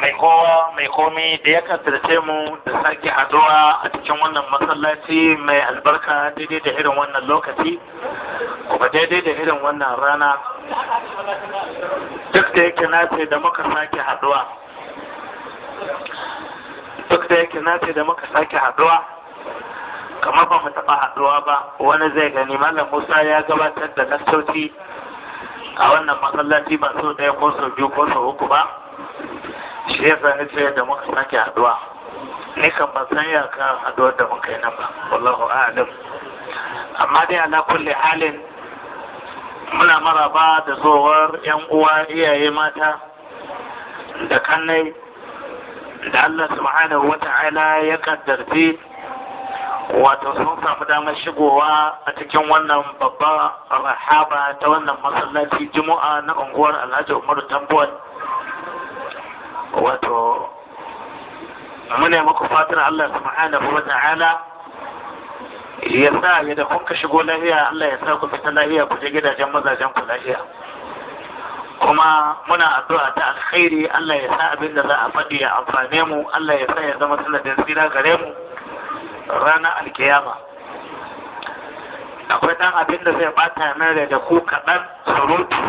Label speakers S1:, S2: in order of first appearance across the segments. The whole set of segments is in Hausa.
S1: mai kowa mai komi da ya kaddace mu da sake haduwa a cikin wannan masallaci mai albarka daidai da irin wannan lokaci
S2: kuma daidai da irin
S1: wannan rana duk da yake nace da muka sake haduwa duk da yake nace da muka sake haduwa kamar ba mu taba haduwa ba wani zai gani malam musa ya gabatar da nasauci a wannan masallaci ba so ɗaya ko so biyu ko so uku ba shi ya sani ce da muka sake haduwa ni kan ban san ya ka haduwar da muka yi nan ba wallahu a'lam amma dai ala kulli halin muna maraba da zowar yan uwa iyaye mata da kannai da Allah subhanahu wa ta'ala ya kaddarci wato sun samu damar shigowa a cikin wannan babba rahaba ta wannan masallaci juma'a na unguwar alhaji umaru tambuwan wato muna maku fatan allah subhanahu wa ta'ala ya sa ya da kun shigo lafiya allah ya sa ku fita lafiya ku je gidajen mazajen ku lafiya kuma muna addu'a ta alkhairi allah ya sa abin da za a faɗi ya amfane mu allah ya sa ya zama sanadin tsira gare mu ranar alkiyama akwai ɗan abin da zai bata nan da ku kaɗan surutu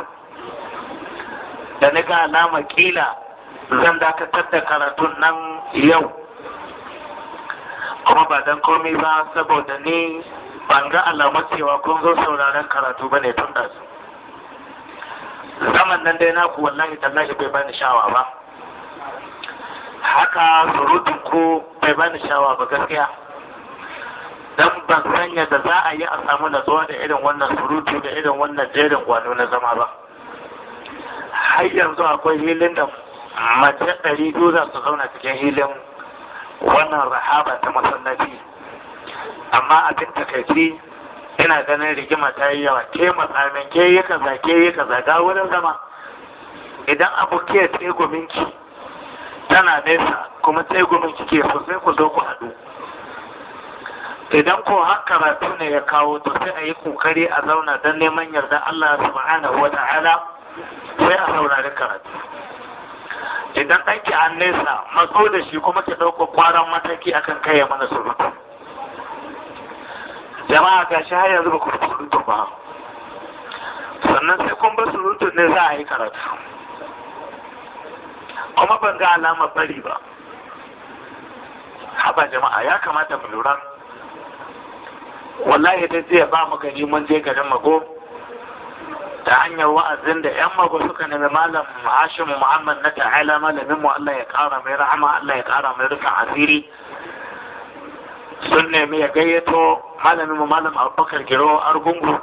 S1: da na ga alama kila zan dakatar da karatun nan yau kuma ba don komai ba saboda ni ban ga alamar cewa kun zo sauraren karatu ba ne tun da zaman nan dai naku wallahi tallahi bai bani shawa ba haka surutun ku bai bani shawa ba gaskiya dan ban san yadda za a yi a samu natsuwa da irin wannan surutu da irin wannan jerin kwano na zama ba har yanzu akwai hilin da mace ɗari biyu su zauna cikin hilin wannan rahaba ta masallaci amma abin takaici ina ganin rigima ta yi yawa ke matsamin ke yi kaza ke yi kaza ga wurin zama idan abu ke tsegominki tana nesa kuma tsegominki ke sosai ku zo ku haɗu idan ko har karatu ne ya kawo to sai a yi kokari a zauna don neman yarda Allah subhanahu wa ta'ala sai a saurari karatu idan ɗanki an nesa matso da shi kuma ki ɗauko kwaran mataki akan kai ya mana surutu jama'a ga shi har yanzu ba ku surutu ba sannan sai kun ba surutu ne za a yi karatu kuma ban ga alamar bari ba haba jama'a ya kamata mu lura wallahi dai zai ba mu gani mun je garin mago ta hanyar wa'azin da yan mago suka nemi malam hashim muhammad na ta'ala malamin mu Allah ya kara mai rahama Allah ya kara mai rufin asiri sun nemi ya gayyato malamin mu malam abubakar giro argungu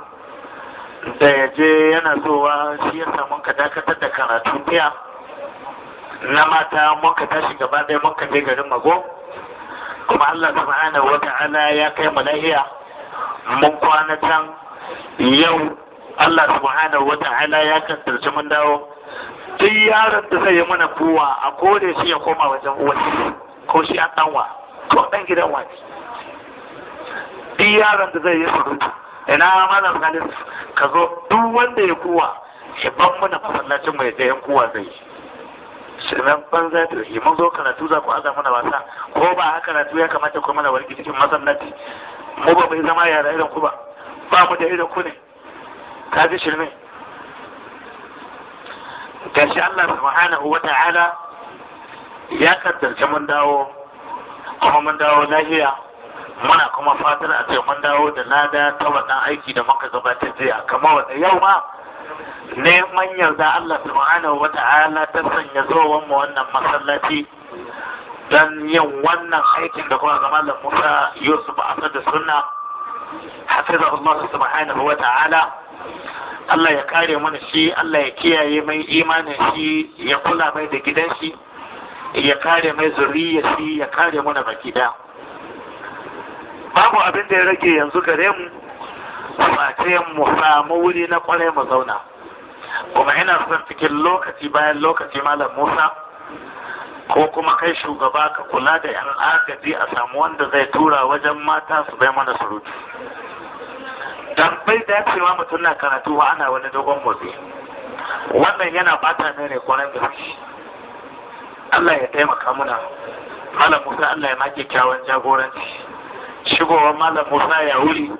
S1: da ya je yana zuwa shi ya samu ka dakatar da karatu tiya na mata muka tashi gaba ɗaya muka je garin mago kuma Allah subhanahu wa ta'ala ya kai mu lahiya mun kwana can yau Allah subhanahu wa ta'ala ya kasance mun dawo tun yaron da zai yi mana kowa a kore shi ya koma wajen uwarsa ko shi an danwa ko dan gidan wani tun yaron da zai yi surutu ina malam Salisu ka zo duk wanda ya kowa ya ban mana masallacin mai ga yan kowa zai yi za ta yi? mun zo karatu za ku aza mana wasa ko ba haka karatu ya kamata ku mana warki cikin masallaci mu ba mai zama yara irin ku ba ba mu da irin ku ne ka ji shirme shi Allah subhanahu wa ta'ala ya kaddarce mun dawo kuma mun dawo lafiya muna kuma fatar a ce mun dawo da lada ta wannan aiki da muka gabatar jiya kamar wanda yau ma neman yarda Allah subhanahu wa ta'ala ta sanya zuwan mu wannan masallaci dan yin wannan aikin da kuma ga Malam Musa Yusuf Asad da Sunna hafizahullah subhanahu wa ta'ala Allah ya kare mana shi Allah ya kiyaye mai imanin shi ya kula mai da gidan shi ya kare mai zuriya shi ya kare mana baki babu abin da ya rage yanzu gare mu face mu samu wuri na kwarai mu zauna kuma ina son cikin lokaci bayan lokaci malam Musa ko kuma kai shugaba ka kula da yan agaji a samu wanda zai tura wajen mata su bai mana surutu dan bai da cewa mutum na karatu wa ana wani dogon motsi wannan yana bata ne ne kwanan da Allah ya taimaka muna Malam Musa Allah ya make kyawun jagoranci shigowar Malam Musa ya wuri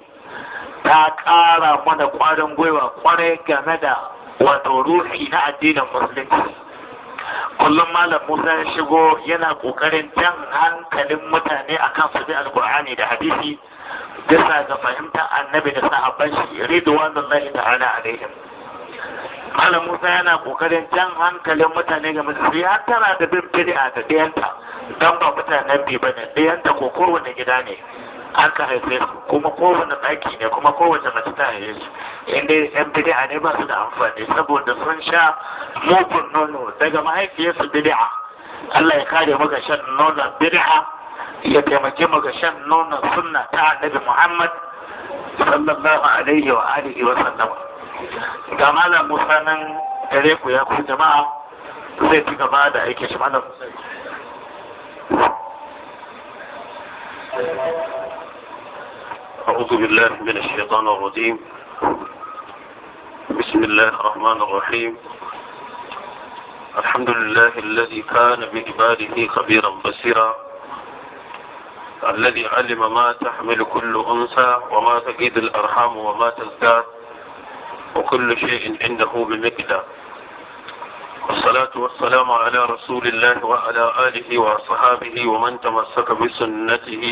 S1: ta ƙara mana kwarin gwiwa kwarai game da wato ruhi na addinin musulunci kullum malam Musa ya shigo yana kokarin jan hankalin mutane akan su bi alkur'ani da hadisi bisa ga fahimta annabi da sahabban shi ridwanullahi ta'ala alaihim malam Musa yana kokarin jan hankalin mutane game da su ya tara da bin bid'a da dayanta dan ba mutanen bi bane ɗayanta ko kowane gida ne aka haife su kuma kowane ɗaki ne kuma kowace mace ta haife su inda yan bid'a ne ba su da amfani saboda sun sha mugun nono daga mahaifiyarsu bid'a Allah ya kare mu shan nono bidi'a ya taimake mu ga shan nono sunna ta annabi Muhammad sallallahu alaihi wa alihi wa sallam ga malam Musa nan dare ku ya ku jama'a zai ci gaba da aikin shi malam Thank you. أعوذ بالله من الشيطان الرجيم بسم الله الرحمن الرحيم الحمد لله الذي كان بإباده خبيرا بصيرا الذي علم ما تحمل كل أنثى وما تجد الأرحام وما تزداد وكل شيء عنده بمقدار والصلاة والسلام على رسول الله وعلى آله وصحابه ومن تمسك بسنته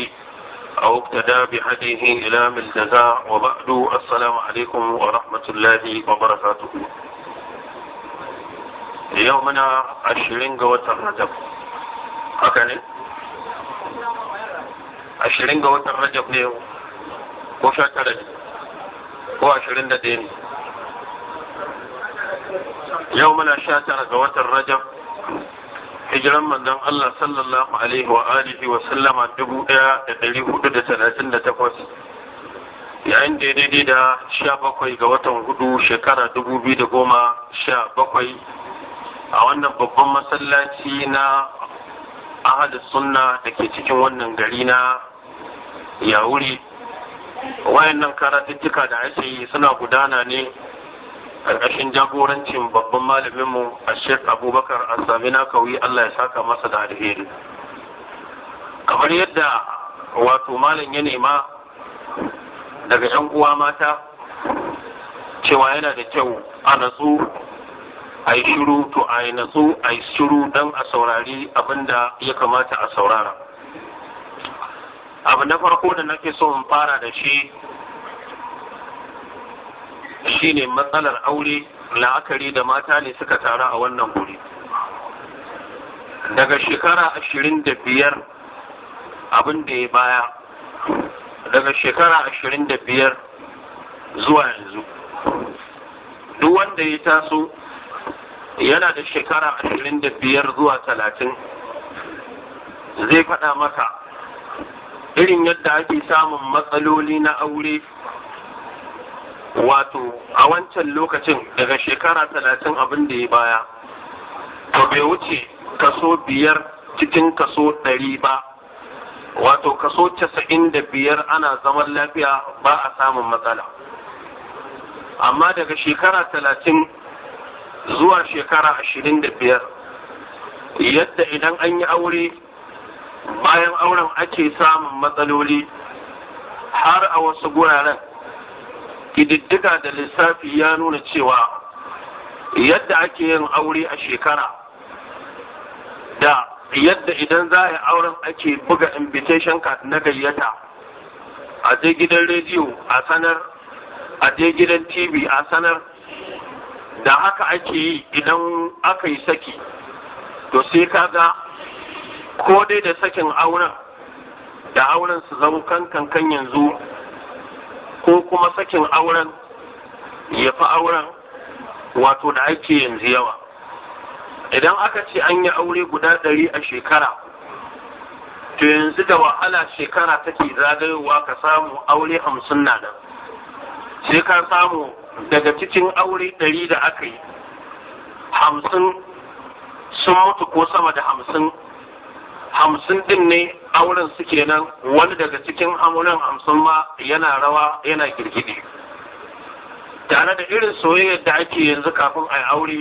S1: أو اقتدى بهديه إلى من جزاء وبعد السلام عليكم ورحمة الله وبركاته يومنا عشرين قوة الرجب أكني عشرين قوة الرجب ليه وشاتر هو عشرين دين يومنا شاتر قوة الرجب hijiran manzon Allah sallallahu alaihi wa alihi wa sallama dubu ɗaya da ɗari hudu da talatin da takwas yayin da daidai da sha bakwai ga watan hudu shekara dubu biyu da goma sha bakwai a wannan babban masallaci na ahadu sunna da ke cikin wannan gari na yawuri wayannan karatuttuka da ake yi suna gudana ne karkashin jagorancin babban malaminmu a sheikh abubakar a na kauyi allah ya saka masa da alheri kamar yadda wato malam ya nema daga yan uwa mata cewa yana da kyau a natsu a yi shiru to a yi natsu a yi shiru don a saurari abinda ya kamata a saurara abu na farko da nake so in fara da shi shine matsalar aure la'akari da mata ne suka taru a wannan guri daga shekara ashirin da biyar abin da ya baya daga shekara ashirin da biyar zuwa yanzu duk wanda ya taso yana da shekara ashirin da biyar zuwa talatin zai faɗa maka irin yadda ake samun matsaloli na aure wato a wancan lokacin daga shekara talatin abin da ya baya to bai wuce kaso biyar cikin kaso ɗari ba wato kaso casa'in da biyar ana zaman lafiya ba a samun matsala amma daga shekara talatin zuwa shekara ashirin da biyar yadda idan an yi aure bayan auren ake samun matsaloli har a wasu guraren ƙididdiga da lissafi ya nuna cewa yadda ake yin aure a shekara da yadda idan za a yi auren ake buga invitation card na gayyata a je gidan rediyo a sanar a je gidan tv a sanar da haka ake yi idan aka yi saki to sai kaga ko dai da sakin auren da auren su zama kankan kan yanzu ko kuma sakin auren ya fi auren wato da ake yanzu yawa idan aka ce an yi aure guda ɗari a shekara to yanzu da wahala shekara take zagayowa ka samu aure hamsin na nan sai ka samu daga cikin aure ɗari da aka yi hamsin sun mutu ko sama da hamsin hamsin din ne auren su kenan wani daga cikin amuran hamsin ma yana rawa yana girgide tare da irin soyayyar da ake yanzu kafin a aure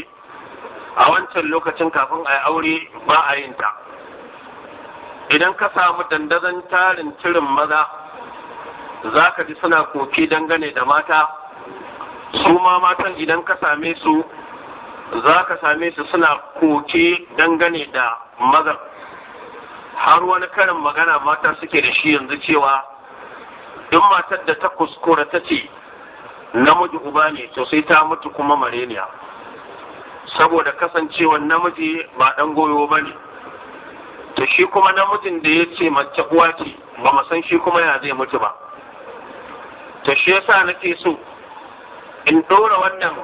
S1: a wancan lokacin kafin a aure ba a yin ta idan ka samu dandazon tarin cirin maza za ka ji suna koke dangane da mata su ma matan idan ka same su za ka same su suna koke dangane da mazan har wani karin magana mata suke da shi yanzu cewa in matar da ta kuskura ta ce namiji uba ne to sai ta mutu kuma mareniya saboda kasancewa namiji ba dan goyo ba ne to shi kuma namijin da ya ce mace uwa ce ba mu san shi kuma ya zai mutu ba to shi yasa nake so in ɗora wannan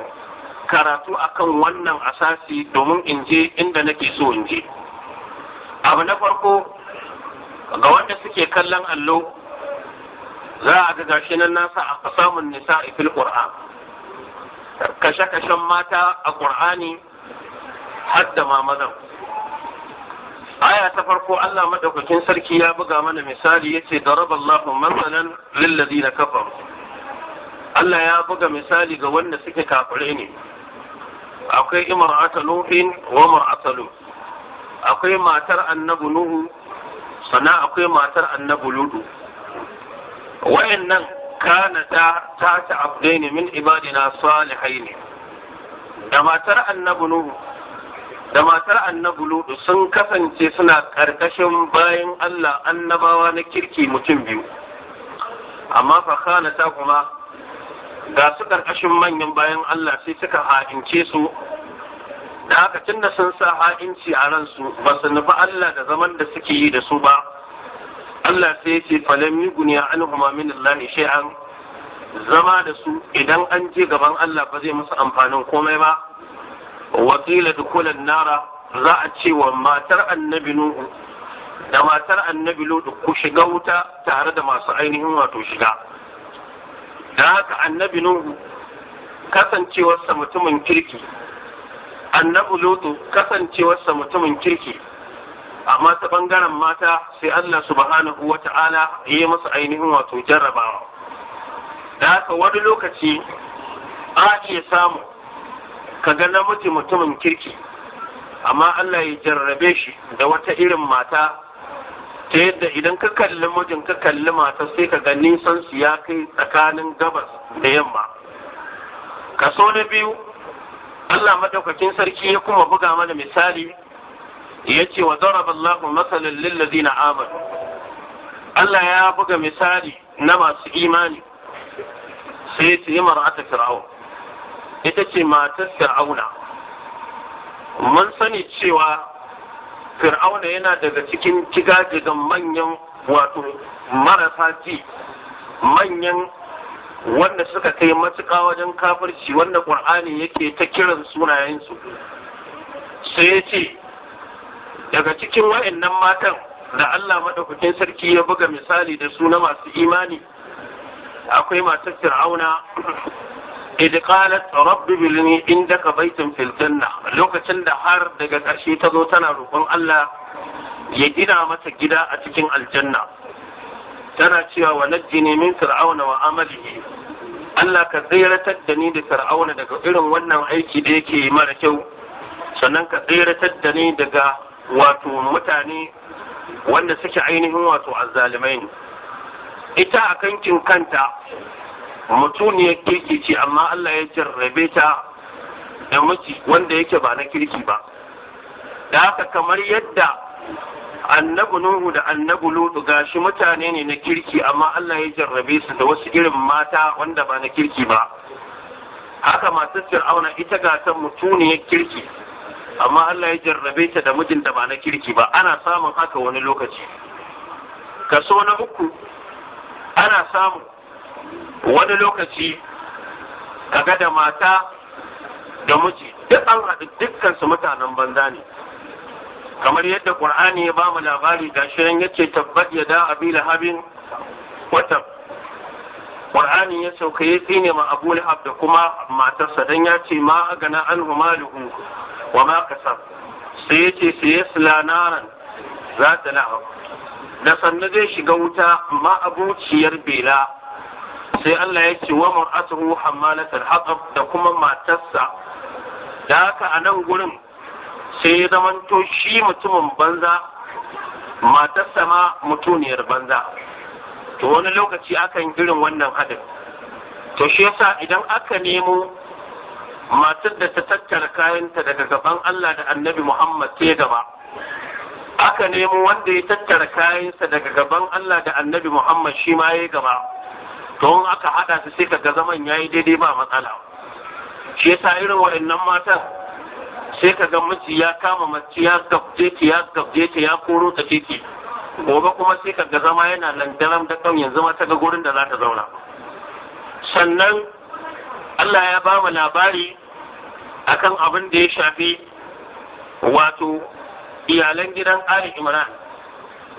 S1: karatu akan wannan asasi domin in je inda nake so in je abu na farko ga wanda suke kallon allo za a ga gashi nan nasa a samun nisa a fil qur'an kashe-kashen mata a qur'ani har da ma aya ta farko Allah madaukakin sarki ya buga mana misali yace daraballahu masalan lil ladina kafaru Allah ya buga misali ga wanda suke kafire ne akwai imra'atu nuhin wa mar'atu lut akwai matar annabu nuhu sannan akwai matar annabi ludu wayannan kana ta ta ta abdaini min ibadina salihaini da matar annabi nuhu da matar annabi ludu sun kasance suna ƙarƙashin bayan Allah annabawa na kirki mutum biyu amma fa kana ta kuma ga su ƙarƙashin manyan bayan Allah sai suka ha'ince su da haka tun da sun sa ha'inci a ransu ba su nufi Allah da zaman da suke yi da su ba Allah sai ce falam yughni anhum min Allah shay'an zama da su idan an je gaban Allah ba zai musu amfanin komai ba wakila dukulan nara za a ce wa matar annabi nuhu da matar annabi lutu ku shiga wuta tare da masu ainihin wato shiga da haka annabi nuhu kasancewarsa mutumin kirki annabi lutu kasancewarsa mutumin kirki amma ta bangaren mata sai Allah subhanahu wa ta'ala ya yi masa ainihin wato jarrabawa da haka wani lokaci a ke samu ka kaga namiji mutumin kirki amma Allah ya jarrabe shi da wata irin mata ta yadda idan ka kalli mijin ka kalli mata sai ka ga nisan su ya kai tsakanin gabas da yamma kaso na biyu Allah madaukakin sarki ya kuma buga mana misali ya ce wa daraballahu masalan lillazina amanu Allah ya buga misali na masu imani sai ya ce mar'ata fir'aun ita ce matar fir'auna mun sani cewa fir'auna yana daga cikin ga manyan wato
S2: marasa
S1: ji manyan wanda suka kai matuƙa wajen kafirci wanda ƙur'ani yake ta kiran sunayensu sai ya ce daga cikin wa'annan matan da Allah maɗaukakin sarki ya buga misali da su na masu imani akwai masu fir'auna إذ قالت rabbi bilni عندك بيت في janna, lokacin da har daga ƙarshe ta zo tana roƙon Allah ya gina mata gida a cikin aljanna tana cewa wa najjini min fir'auna wa amalihi Allah ka tsiratar da ni da fir'auna daga irin wannan aiki da yake mara kyau sannan ka tsiratar da ni daga wato mutane wanda suke ainihin wato azzalimai ita a kankin kanta mutuniyar kirki ce amma Allah ya jarrabe ta da miki wanda yake ba na kirki ba da haka kamar yadda Annabu nuhu da annabu lutu gashi mutane ne na kirki amma Allah ya jarrabe su da wasu irin mata wanda ba na kirki ba haka masu fir'auna ita mutune ya kirki amma Allah ya jarrabe ta da mijin da ba na kirki ba ana samun haka wani lokaci kaso na uku ana samu wani lokaci kaga da mata da miji duk an haɗu dukkan su mutanen banza ne kamar yadda qur'ani ya bamu labari gashi ya ce tabbat yada abi lahabin wata qur'ani ya sauka ya tsine ma abu lahab da kuma matarsa dan ya ce ma agana anhu maluhu wa ma kasab sai yace sai yasla naran za ta lahab da sanna zai shiga wuta ma abuciyar bela sai Allah ya ce wa mar'atuhu hammalatul haqab da kuma matarsa da haka a nan gurin sai ya zamanto shi mutumin banza matarsa ma mutuniyar banza to wani lokaci akan irin wannan hadin. to shi yasa idan aka nemo matar da ta tattara kayanta daga gaban Allah da annabi Muhammad sai gaba aka nemo wanda ya tattara kayansa daga gaban Allah da annabi Muhammad shi ma ya gaba to in aka haɗa su sai ka ga zaman yayi daidai ba matsala shi yasa irin waɗannan matan sai ka ga mace ya kama mace ya gabje ta ya gabje ta ya koro ta titi gobe kuma sai ka ga zama yana nan daram da kan yanzu mata ga gurin da za ta zauna sannan Allah ya ba mu labari akan abin da ya shafi wato iyalan gidan Ali Imran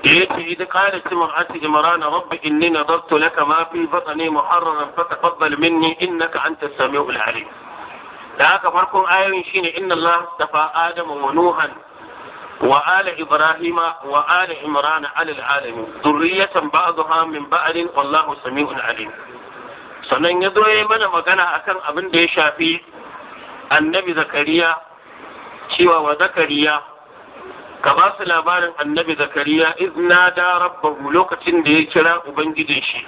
S1: da ya ce idan ƙara cimar ati imrana rabbi inni nadartu laka ma fi batni muharraran fa taqabbal minni innaka anta samiul alim da haka farkon ayoyin shine inna Allah tafa Adama wa Nuhan wa ala Ibrahima wa ala Imran alal alamin zurriyatan ba'daha min ba'din wallahu sami'un alim sannan ya zo mana magana akan abin da ya shafi annabi Zakariya cewa wa Zakariya ka ba su labarin annabi Zakariya izna da rabbahu lokacin da ya kira ubangijin shi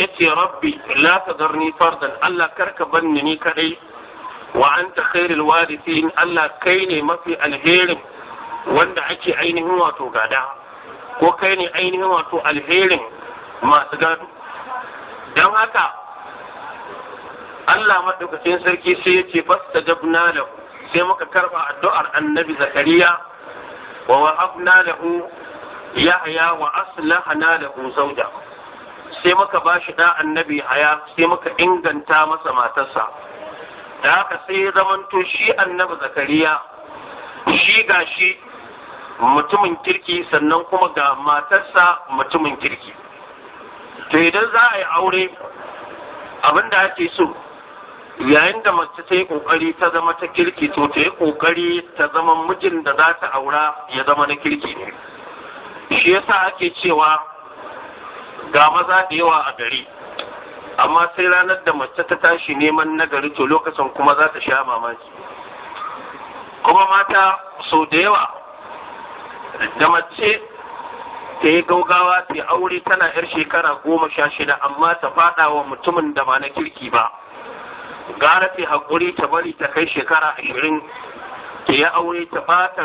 S1: yace rabbi la tadarni fardan Allah karka banni ni kadai wa anta khairul warithin Allah kai ne mafi alherin wanda ake ainihin wato gada ko kai ne ainihin wato alherin masu gado don haka Allah maɗaukacin sarki sai ya ce fasta jabna lahu sai muka karɓa addu'ar annabi zakariya wa wahabna lahu yahya wa aslahna lahu zauja sai muka bashi da annabi haya sai muka inganta masa matarsa da haka sai ya zamanto shi annabi zakariya shi ga shi mutumin kirki sannan kuma ga matarsa mutumin kirki to idan za a yi aure abin da ake so yayin da mace ta yi kokari ta zama ta kirki to ta yi kokari ta zama mijin da za ta aura ya zama na kirki ne shi yasa ake cewa ga maza da yawa a gari amma sai ranar da mace ta tashi neman nagari to lokacin kuma za ta sha mamaki kuma mata sau da yawa da mace ta yi gaugawa ta aure tana yar shekara goma sha shida amma ta fada wa mutumin da ba na kirki ba gara ta haƙuri ta bari ta kai shekara ashirin ta yi aure ta ba ta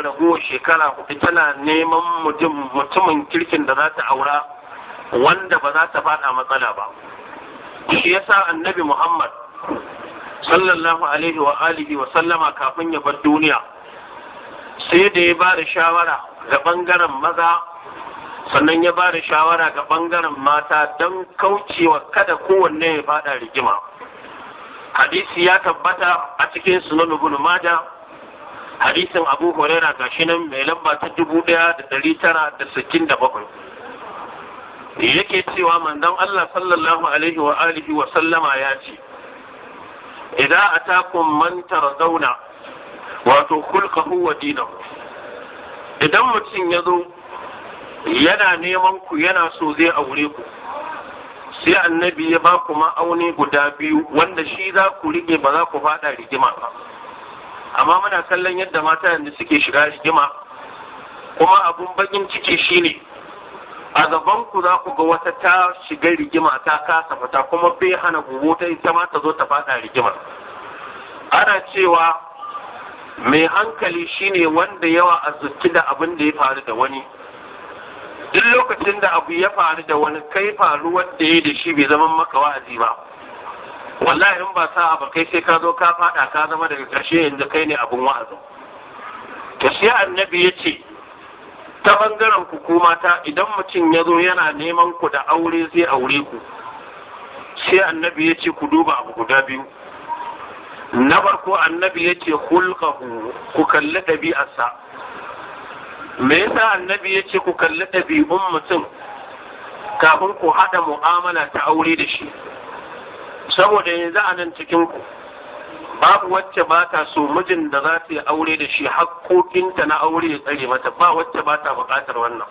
S1: shekara hudu tana neman mutumin kirkin da za ta aura wanda ba za ta fada matsala ba shi yasa annabi Muhammad sallallahu alaihi wa alihi wa sallama kafin ya bar duniya sai da ya bada shawara ga bangaren maza sannan ya ba da shawara ga bangaren mata don kaucewa kada kowanne ya fada rigima hadisi ya tabbata a cikin sunan ibn majah hadisin abu huraira gashi nan mai lamba ta dubu ɗaya da ɗari tara da sittin da bakwai yake cewa manzon Allah sallallahu alaihi wa alihi wa sallama ya ce idan atakum man tarzauna wato kulka wa dinahu idan mutum ya zo yana neman ku yana so zai aure ku sai annabi ya ba ku ma'auni guda biyu wanda shi za ku rike ba za ku fada rigima amma muna kallon yadda mata yanzu suke shiga rigima kuma abun bakin ciki shine a gaban ku za ku ga wata ta shiga rigima ta kasa fita kuma bai hana gugu ta ita ma ta zo ta fada rigima ana cewa mai hankali shine wanda yawa a zuki da abin da ya faru da wani duk lokacin da abu ya faru da wani kai faru wanda ya da shi bai zama maka wa'azi ba wallahi in ba sa abu kai sai ka zo ka fada ka zama daga ƙarshe yanzu kai ne abin wa'azi to sai annabi ya ce ta bangaren ku ko mata idan mutum ya zo yana neman ku da aure zai aure ku sai annabi ya ce ku duba abu guda biyu na farko annabi ya ce hulka ku kalli ɗabi'arsa me yasa annabi ya ce ku kalli ɗabi'un mutum kafin ku haɗa mu'amala ta aure da shi saboda yanzu a nan cikin ku babu wacce ba ta so mijin da za ta yi aure da shi haƙoƙinta na aure ya tsare mata ba wacce ba ta buƙatar wannan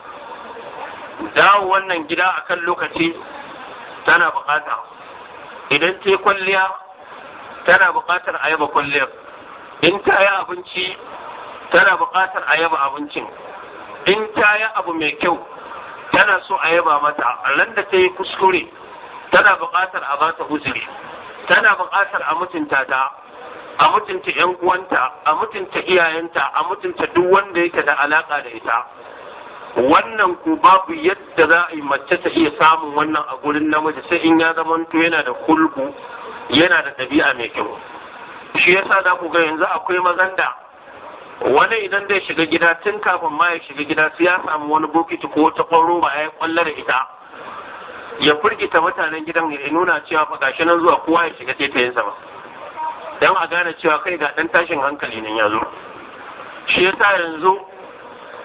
S1: dawo wannan gida a kan lokaci tana buƙata idan ta yi kwalliya tana buƙatar a yaba kwalliyar in ta yi abinci tana buƙatar a yaba abincin in ta yi abu mai kyau tana so a yaba mata ran da ta yi kuskure tana buƙatar a ba ta uzuri tana buƙatar a mutunta ta a mutunta yan uwanta a mutunta iyayenta a mutunta duk wanda yake da alaka da ita wannan ku babu yadda za a yi mace ta iya samun wannan a gurin namiji sai in ya zamanto yana da kulku yana da ɗabi'a mai kyau shi yasa za ku ga yanzu akwai mazan da wani idan zai shiga gida tun kafin ma ya shiga gida sai ya samu wani bokiti ko wata ƙwaro ba ya kwallar da ita ya firgita mutanen gidan ya nuna cewa fa gashi nan zuwa kowa ya shiga tetayensa ba don a gane cewa kai ga ɗan tashin hankali nan ya zo shi ya sa yanzu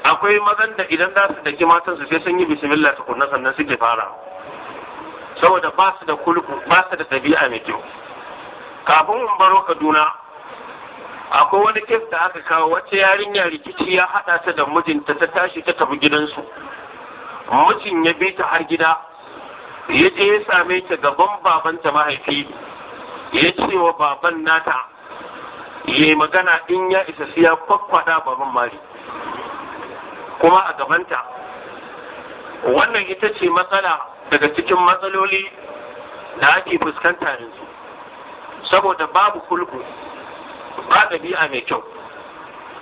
S1: akwai mazan da idan za su daki matan su sai sun yi bismillah kunna sannan suke fara saboda ba su da kulku ba su da ɗabi'a mai kyau kafin in baro kaduna akwai wani kes da aka kawo wacce yarinya rikici ya haɗa ta da mijinta ta tashi ta tafi gidansu mijin ya bi ta har gida ya je ya same ta gaban babanta mahaifi ya ce wa baban nata ya yi magana in ya isa siya kwakwada baban mari kuma a gabanta wannan ita ce matsala daga cikin matsaloli da ake fuskanta yanzu saboda babu kulku ba ɗabi'a mai kyau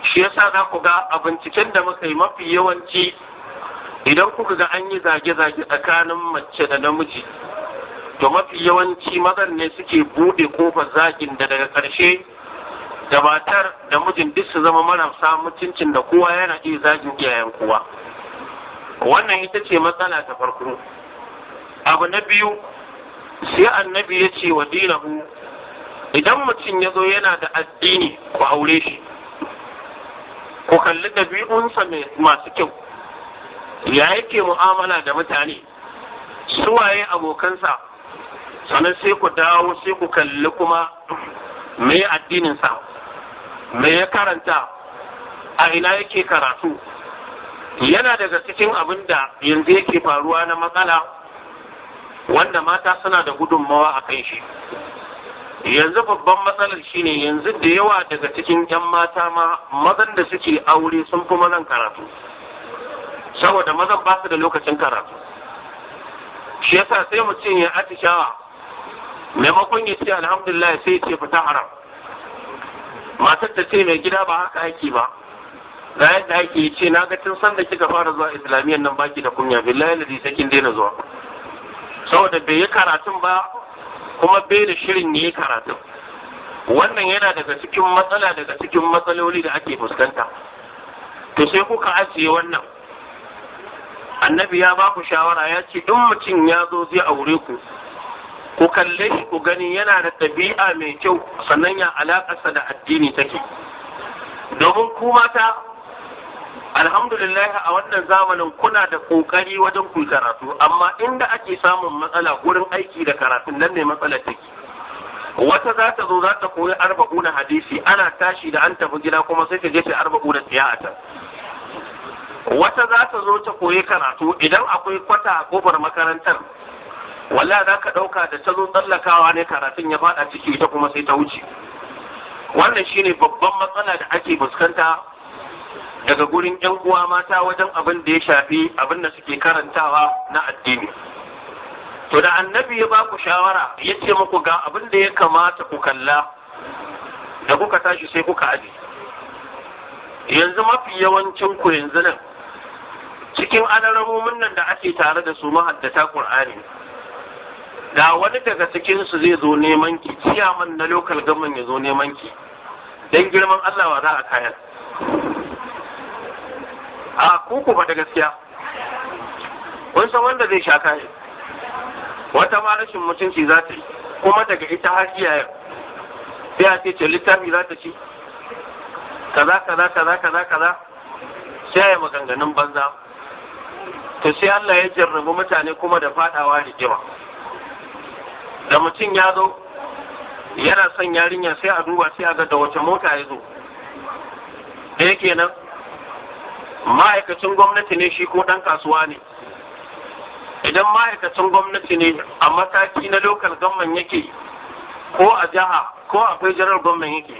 S1: shi yasa za ku ga a binciken da muka yi mafi yawanci idan kuka ga an yi zage-zage tsakanin mace da namiji to mafi yawanci mazan ne suke bude kofar zakin da daga karshe da matar da mijin duk su zama marasa mutuncin da kowa yana iya zagin iyayen kowa wannan ita ce matsala ta farko abu na biyu sai annabi ya ce wa dinahu idan mutum ya zo yana da addini ku aure shi ku kalli ɗabi'unsa masu kyau ya yake mu'amala da mutane suwaye abokansa sannan sai ku dawo sai ku kalli kuma me addinin sa me ya karanta a ina yake karatu yana daga cikin abinda da yanzu yake faruwa na matsala wanda mata suna da gudunmawa a kan shi yanzu babban matsalar shine yanzu da yawa daga cikin 'yan mata ma mazan da suke aure sun fi mazan karatu saboda mazan ba su da lokacin karatu shi yasa sai mutum ya atishawa maimakon ya ce alhamdulillah sai ce fita haram matar ta ce mai gida ba haka aiki ba ga yadda ake yi ce na ga tun sanda kika fara zuwa islamiyyar nan baki da kunya billahi ladi sakin daina zuwa saboda bai yi karatun ba kuma bai da shirin yi karatun wannan yana daga cikin matsala daga cikin matsaloli da ake fuskanta to sai kuka ajiye wannan annabi ya ba ku shawara ya ce duk mutum ya zo zai aure ku ku kalle shi ku gani yana da ɗabi'a mai kyau sannan ya alaƙarsa da addini take domin ku mata alhamdulillah a wannan zamanin kuna da ƙoƙari wajen ku karatu amma inda ake samun matsala gurin aiki da karatun nan ne matsala take wata za ta zo za ta koyi arba'u na hadisi ana tashi da an tafi gida kuma sai ta je ta a can wata za ta zo ta koyi karatu idan akwai kwata a kofar makarantar walla za ka ɗauka da ta zo tsallakawa ne karatun ya faɗa ciki ita kuma sai ta wuce wannan shine babban matsala da ake fuskanta daga gurin yan uwa mata wajen abin da ya shafi abin da suke karantawa na addini to da annabi ya ba ku shawara ya ce muku ga abin da ya kamata ku kalla da kuka tashi sai kuka aji yanzu mafi yawancin ku yanzu nan cikin alaramomin nan da ake tare da su mahaddata ƙur'ani. da wani daga cikinsu zai zo neman ki ciyaman na local government ya zo neman ki don girman Allah wa za a kayan a kuku ba da gaskiya kun san wanda zai sha kayan wata ma rashin mutunci za ta yi kuma daga ita har iyayen sai a ce ce littafi za ta ci kaza kaza kaza kaza kaza sai ya maganganun banza to sai Allah ya jarrabu mutane kuma da fadawa rigima da mutum ya zo yana son yarinya sai a duba sai a ga da wace mota ya zo da yake nan ma'aikacin gwamnati ne shi ko ɗan kasuwa ne idan ma'aikacin gwamnati ne a mataki na lokal gwamnan yake ko a jiha ko a federal gwamnan yake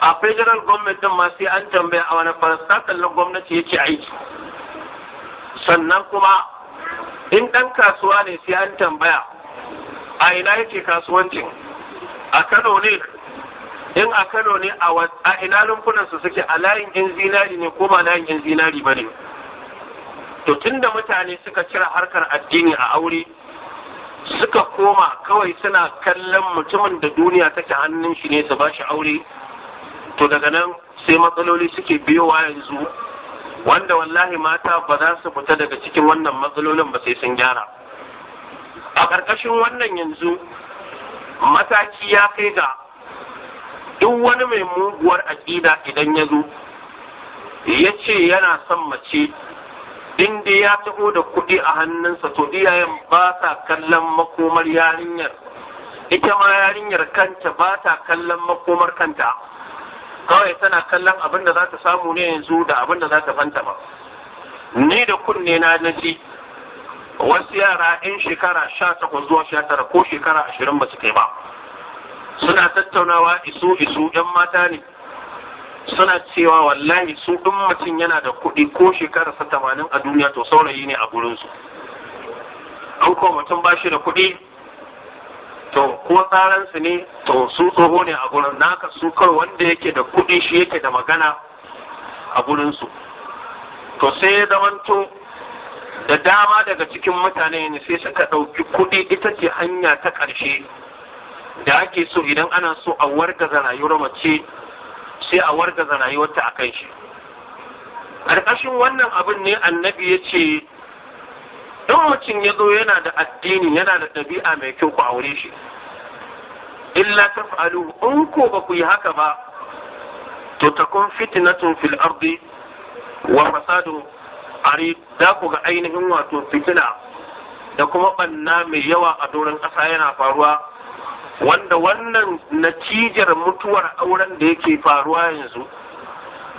S1: a federal gwamnan din ma sai an tambaya a wani farsakan gwamnati yake aiki sannan kuma in ɗan kasuwa ne sai an tambaya a ina yake kasuwancin a kano ne in a kano ne a ina lumfunan su suke a layin yan zinari ne ko ba layin yan zinari ba ne to tunda mutane suka cire harkar addini a aure suka koma kawai suna kallon mutumin da duniya take hannun shi ne su ba shi aure to daga nan sai matsaloli suke biyowa yanzu wanda wallahi mata ba za su fita daga cikin wannan matsalolin ba sai sun gyara a ƙarƙashin wannan yanzu mataki ya kai ga duk wani mai muguwar aƙida idan ya zo ya ce yana son mace inda ya taɓo da kuɗi a hannunsa to iyayen ba sa kallon makomar yarinyar ita ma yarinyar kanta ba ta kallon makomar kanta kawai tana kallon abin da za ta samu ne yanzu da abin da za ta fanta ba ni da kunne na naji wasu yara 'yan shekara sha takwas zuwa sha tara ko shekara ashirin ba su kai ba suna tattaunawa isu isu 'yan mata ne suna cewa wallahi su ɗin mutum yana da kuɗi ko sa tamanin a duniya to saurayi ne a gurinsu an ko mutum ba shi da kuɗi to ko tsaransu ne to su tsoho ne a gurin naka su kar wanda yake da kuɗi shi yake da magana a gurinsu to sai ya zamanto da dama daga cikin mutane ne sai suka ɗauki kuɗi ita ce hanya ta ƙarshe da ake so idan ana so a wargaza rayuwar mace sai a wargaza rayuwarta a kan shi ƙarƙashin wannan abin ne annabi ya ce in mutum ya zo yana da addini yana da ɗabi'a mai kyau ku aure shi illa ta fa'alu in ko ba ku yi haka ba to takun fitnatun fil ardi wa fasadun ari za ku ga ainihin wato fitina da kuma ɓanna mai yawa a doron ƙasa yana faruwa wanda wannan natijar mutuwar auren da yake faruwa yanzu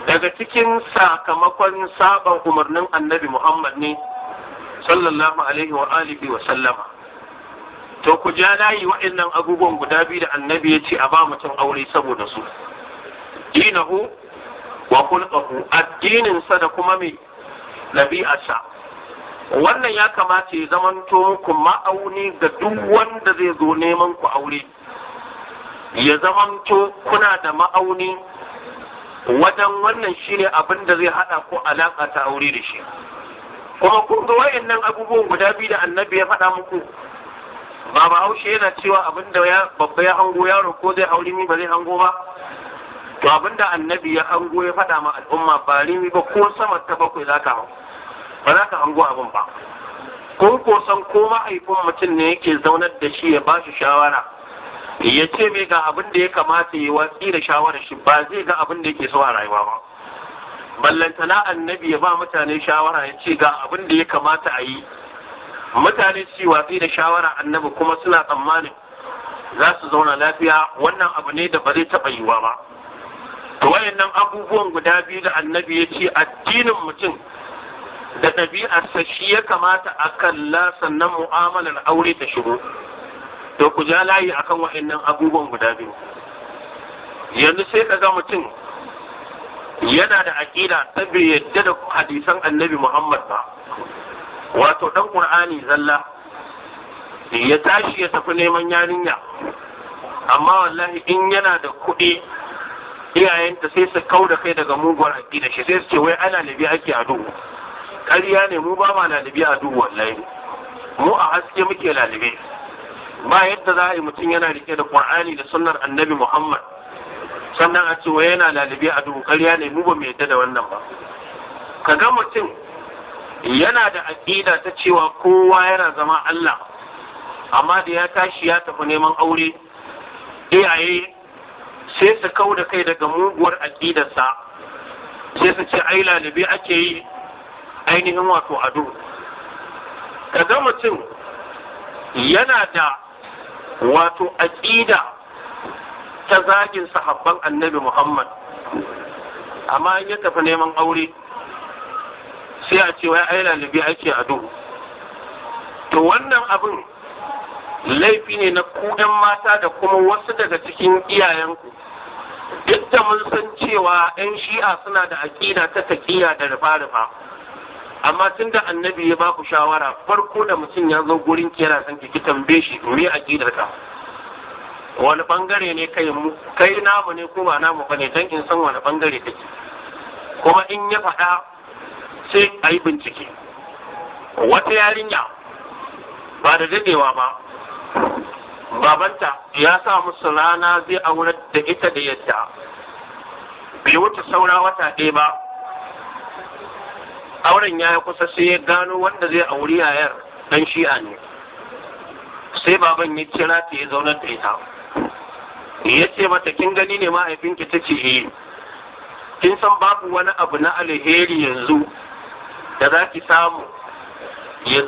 S1: daga cikin sakamakon saban umarnin annabi muhammad ne sallallahu alaihi wa alihi wa sallama to ku ja layi waɗannan abubuwan guda biyu da annabi ya ce a ba mutum aure saboda su dinahu wa kulqahu addinin sa da kuma mai ɗabi'arsa wannan ya kamata ya zamanto muku ma'auni ga duk wanda zai zo neman ku aure ya zamanto kuna da ma'auni wajen wannan shine abin da zai haɗa ku alaƙa ta aure da shi kuma kun ga wayannan abubuwan guda biyu da annabi ya faɗa muku ba ba haushe yana cewa abin da babba ya hango yaro ko zai aure mi ba zai hango ba to abin da annabi ya hango ya faɗa ma al'umma ba rimi ba ko sama ta bakwai za ka hau ba za ka hango abin ba kun san ko mahaifin mutum ne yake zaunar da shi ya ba shi shawara ya ce mai ga abin da ya kamata ya watsi da shawarar shi ba zai ga abin da yake so a rayuwa ba ballantana annabi ya ba mutane shawara ya ce ga abin da ya kamata a yi mutane su watsi da shawara annabi kuma suna tsammanin za su zauna lafiya wannan abu ne da ba zai taɓa yiwuwa ba to wayannan abubuwan guda biyu da annabi ya ce addinin mutum da ɗabi'arsa shi ya kamata a kalla sannan mu'amalar aure ta shigo to ku ja layi akan wa'annan abubuwan guda biyu yanzu sai ka ga mutum yana da aƙida ta bai yadda da hadisan annabi muhammad ba wato ɗan ƙur'ani zalla ya tashi ya tafi neman yarinya amma wallahi in yana da kuɗi iyayenta sai su kau da kai daga muguwar aƙida shi sai su ce wai ana labi ake a duhu kariya ne mu ba ma lalibi a duk wallahi mu a haske muke lalibe ba yadda za a yi mutum yana rike da qur'ani da sunnar annabi muhammad sannan a ce wai yana lalibi a duhu ƙarya ne mu ba mu yadda da wannan ba ka ga mutum yana da aƙida ta cewa kowa yana zama allah amma da ya tashi ya tafi neman aure iyaye sai su kau da kai daga muguwar aƙidarsa sai su ce ai lalibi ake yi ainihin wato ado ka ga mutum yana da wato aƙida ta zagin sahabban annabi muhammad amma in ya tafi neman aure sai a ce wai ai lalibi ake ado to wannan abin laifi ne na kudan mata da kuma wasu daga cikin iyayenku duk da mun san cewa 'yan shi'a suna da aƙida ta taƙiya da rufa-rufa amma tun da annabi ya baku shawara farko da mutum ya zo gurin kera san ki tambaye shi me aqidar ka wani bangare ne kai mu kai namu ne ko ba namu ne? dan in san wani bangare kake kuma in ya faɗa sai a yi bincike wata yarinya ba da dadewa ba babanta ya sa musu rana zai aurar da ita da yadda bai wuce saura wata ɗaya ba auren ya yi kusa sai ya gano wanda zai auri yayar ɗan shi'a ne sai baban ya kira ta ya zaunar da ita ya ce mata kin gani ne mahaifinki ta ce eh kin san babu wani abu na alheri yanzu da za ki samu ya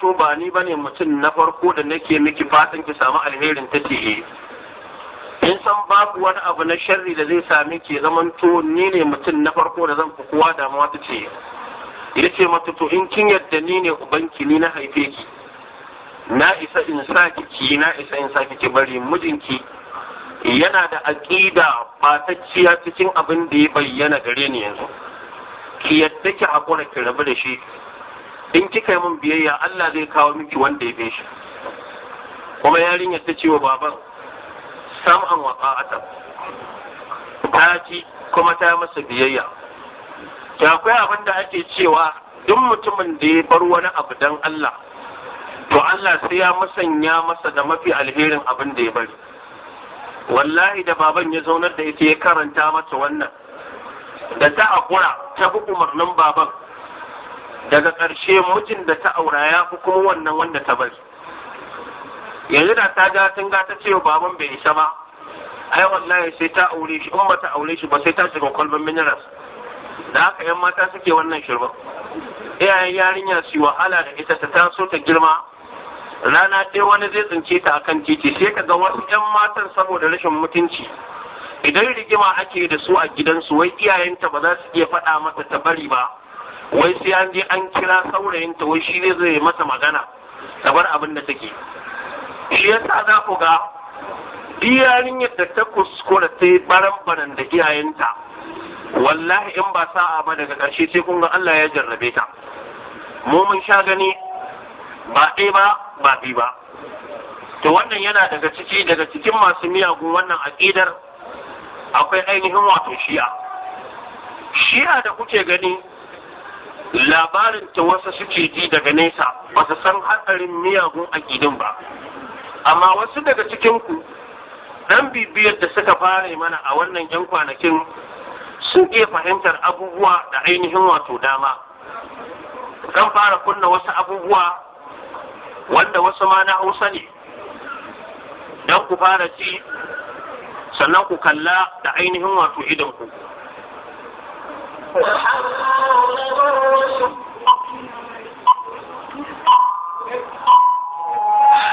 S1: to ba ni ba ne mutum na farko da nake miki fatan ki samu alherin ta ce eh in san babu wani abu na sharri da zai sami ke zaman to ni ne mutum na farko da zan fi kowa damuwa ta ce ya ce mata to in kin yadda ni ne ubanki ni na haife ki na isa in sa ki na isa in sa ki bari mijinki yana da aƙida batacciya cikin abin da ya bayyana gare ni yanzu ki yadda ki hakura ki rabu da shi in kika yi min biyayya Allah zai kawo miki wanda ya bi shi kuma yarinyar ta ce wa baban sam'an wa ta ji kuma ta masa biyayya da akwai abin da ake cewa duk mutumin da ya bar wani abu dan Allah to Allah sai ya musanya masa da mafi alherin abin da ya bari wallahi da baban ya zaunar da ita ya karanta mata wannan da ta akura ta bi umarnin baban daga ƙarshe mijin da ta aura ya fi kuma wannan wanda ta bari yanzu da ta ga tun ga ta ce baban bai isa ba ai wallahi sai ta aure shi in ba ta aure shi ba sai ta shiga kwalban minerals da haka yan mata suke wannan shirban iyayen yarinya su wahala da ita ta taso ta girma rana ɗaya wani zai tsince ta akan titi sai ka ga wasu yan matan saboda rashin mutunci idan rigima ake da su a gidansu wai iyayenta ba za su iya faɗa mata ta bari ba wai sai an je an kira saurayinta wai shi zai yi mata magana ta bar abin da take shi yasa za ku ga iyayen yadda ta kuskura ta yi baran baran da iyayenta wallahi in ba sa'a ba daga ƙarshe sai kun ga Allah ya jarrabe ta mu mun sha gani ba ɗaya ba ba bi ba to wannan yana daga ciki daga cikin masu miyagun wannan aƙidar akwai ainihin wato shi'a shi'a da kuke gani labarin ta wasu suke ji daga nesa ba su san hatsarin miyagun aƙidin ba amma wasu daga cikin ku ɗan bibiyar da suka fara mana a wannan 'yan kwanakin sun iya fahimtar abubuwa da ainihin wato dama zan fara kunna wasu abubuwa wanda wasu ma na hausa ne don ku fara ci sannan ku kalla da ainihin wato idonku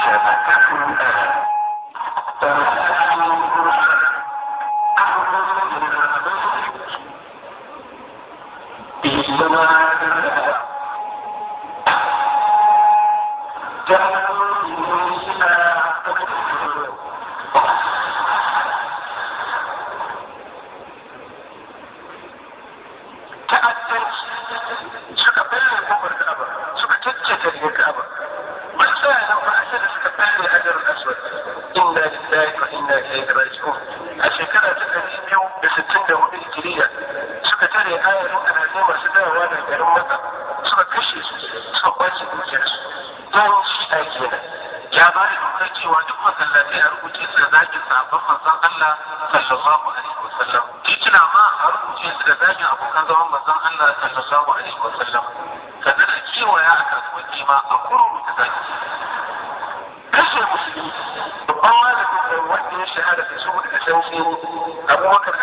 S1: Thank
S2: you. لما ta'addanci
S1: suka bayyana kofar ka'aba suka caccata rigar ka'aba ba su tsaya nan ba a da suka bayyana hajar aswad inna lillahi wa inna ilaihi raji'un a shekara ta ɗari biyu da sittin da hudu hijiriya suka tare ayar muka na nema su dawowa daga garin maka suka kashe su suka kwace dukiyar su don shi a kenan
S3: ya ba da dokar cewa duk masallatai a rubuce su da zagin sabon manzon Allah sallallahu alaihi wasallam titina ma a rubuce su da zagin abokan zaman manzon Allah sallallahu alaihi wasallam sannan a kewaya a kasuwanci ma a kururuta zagin
S2: kashe musulmi babban malamin da wanda ya shahada da su da shan abu bakar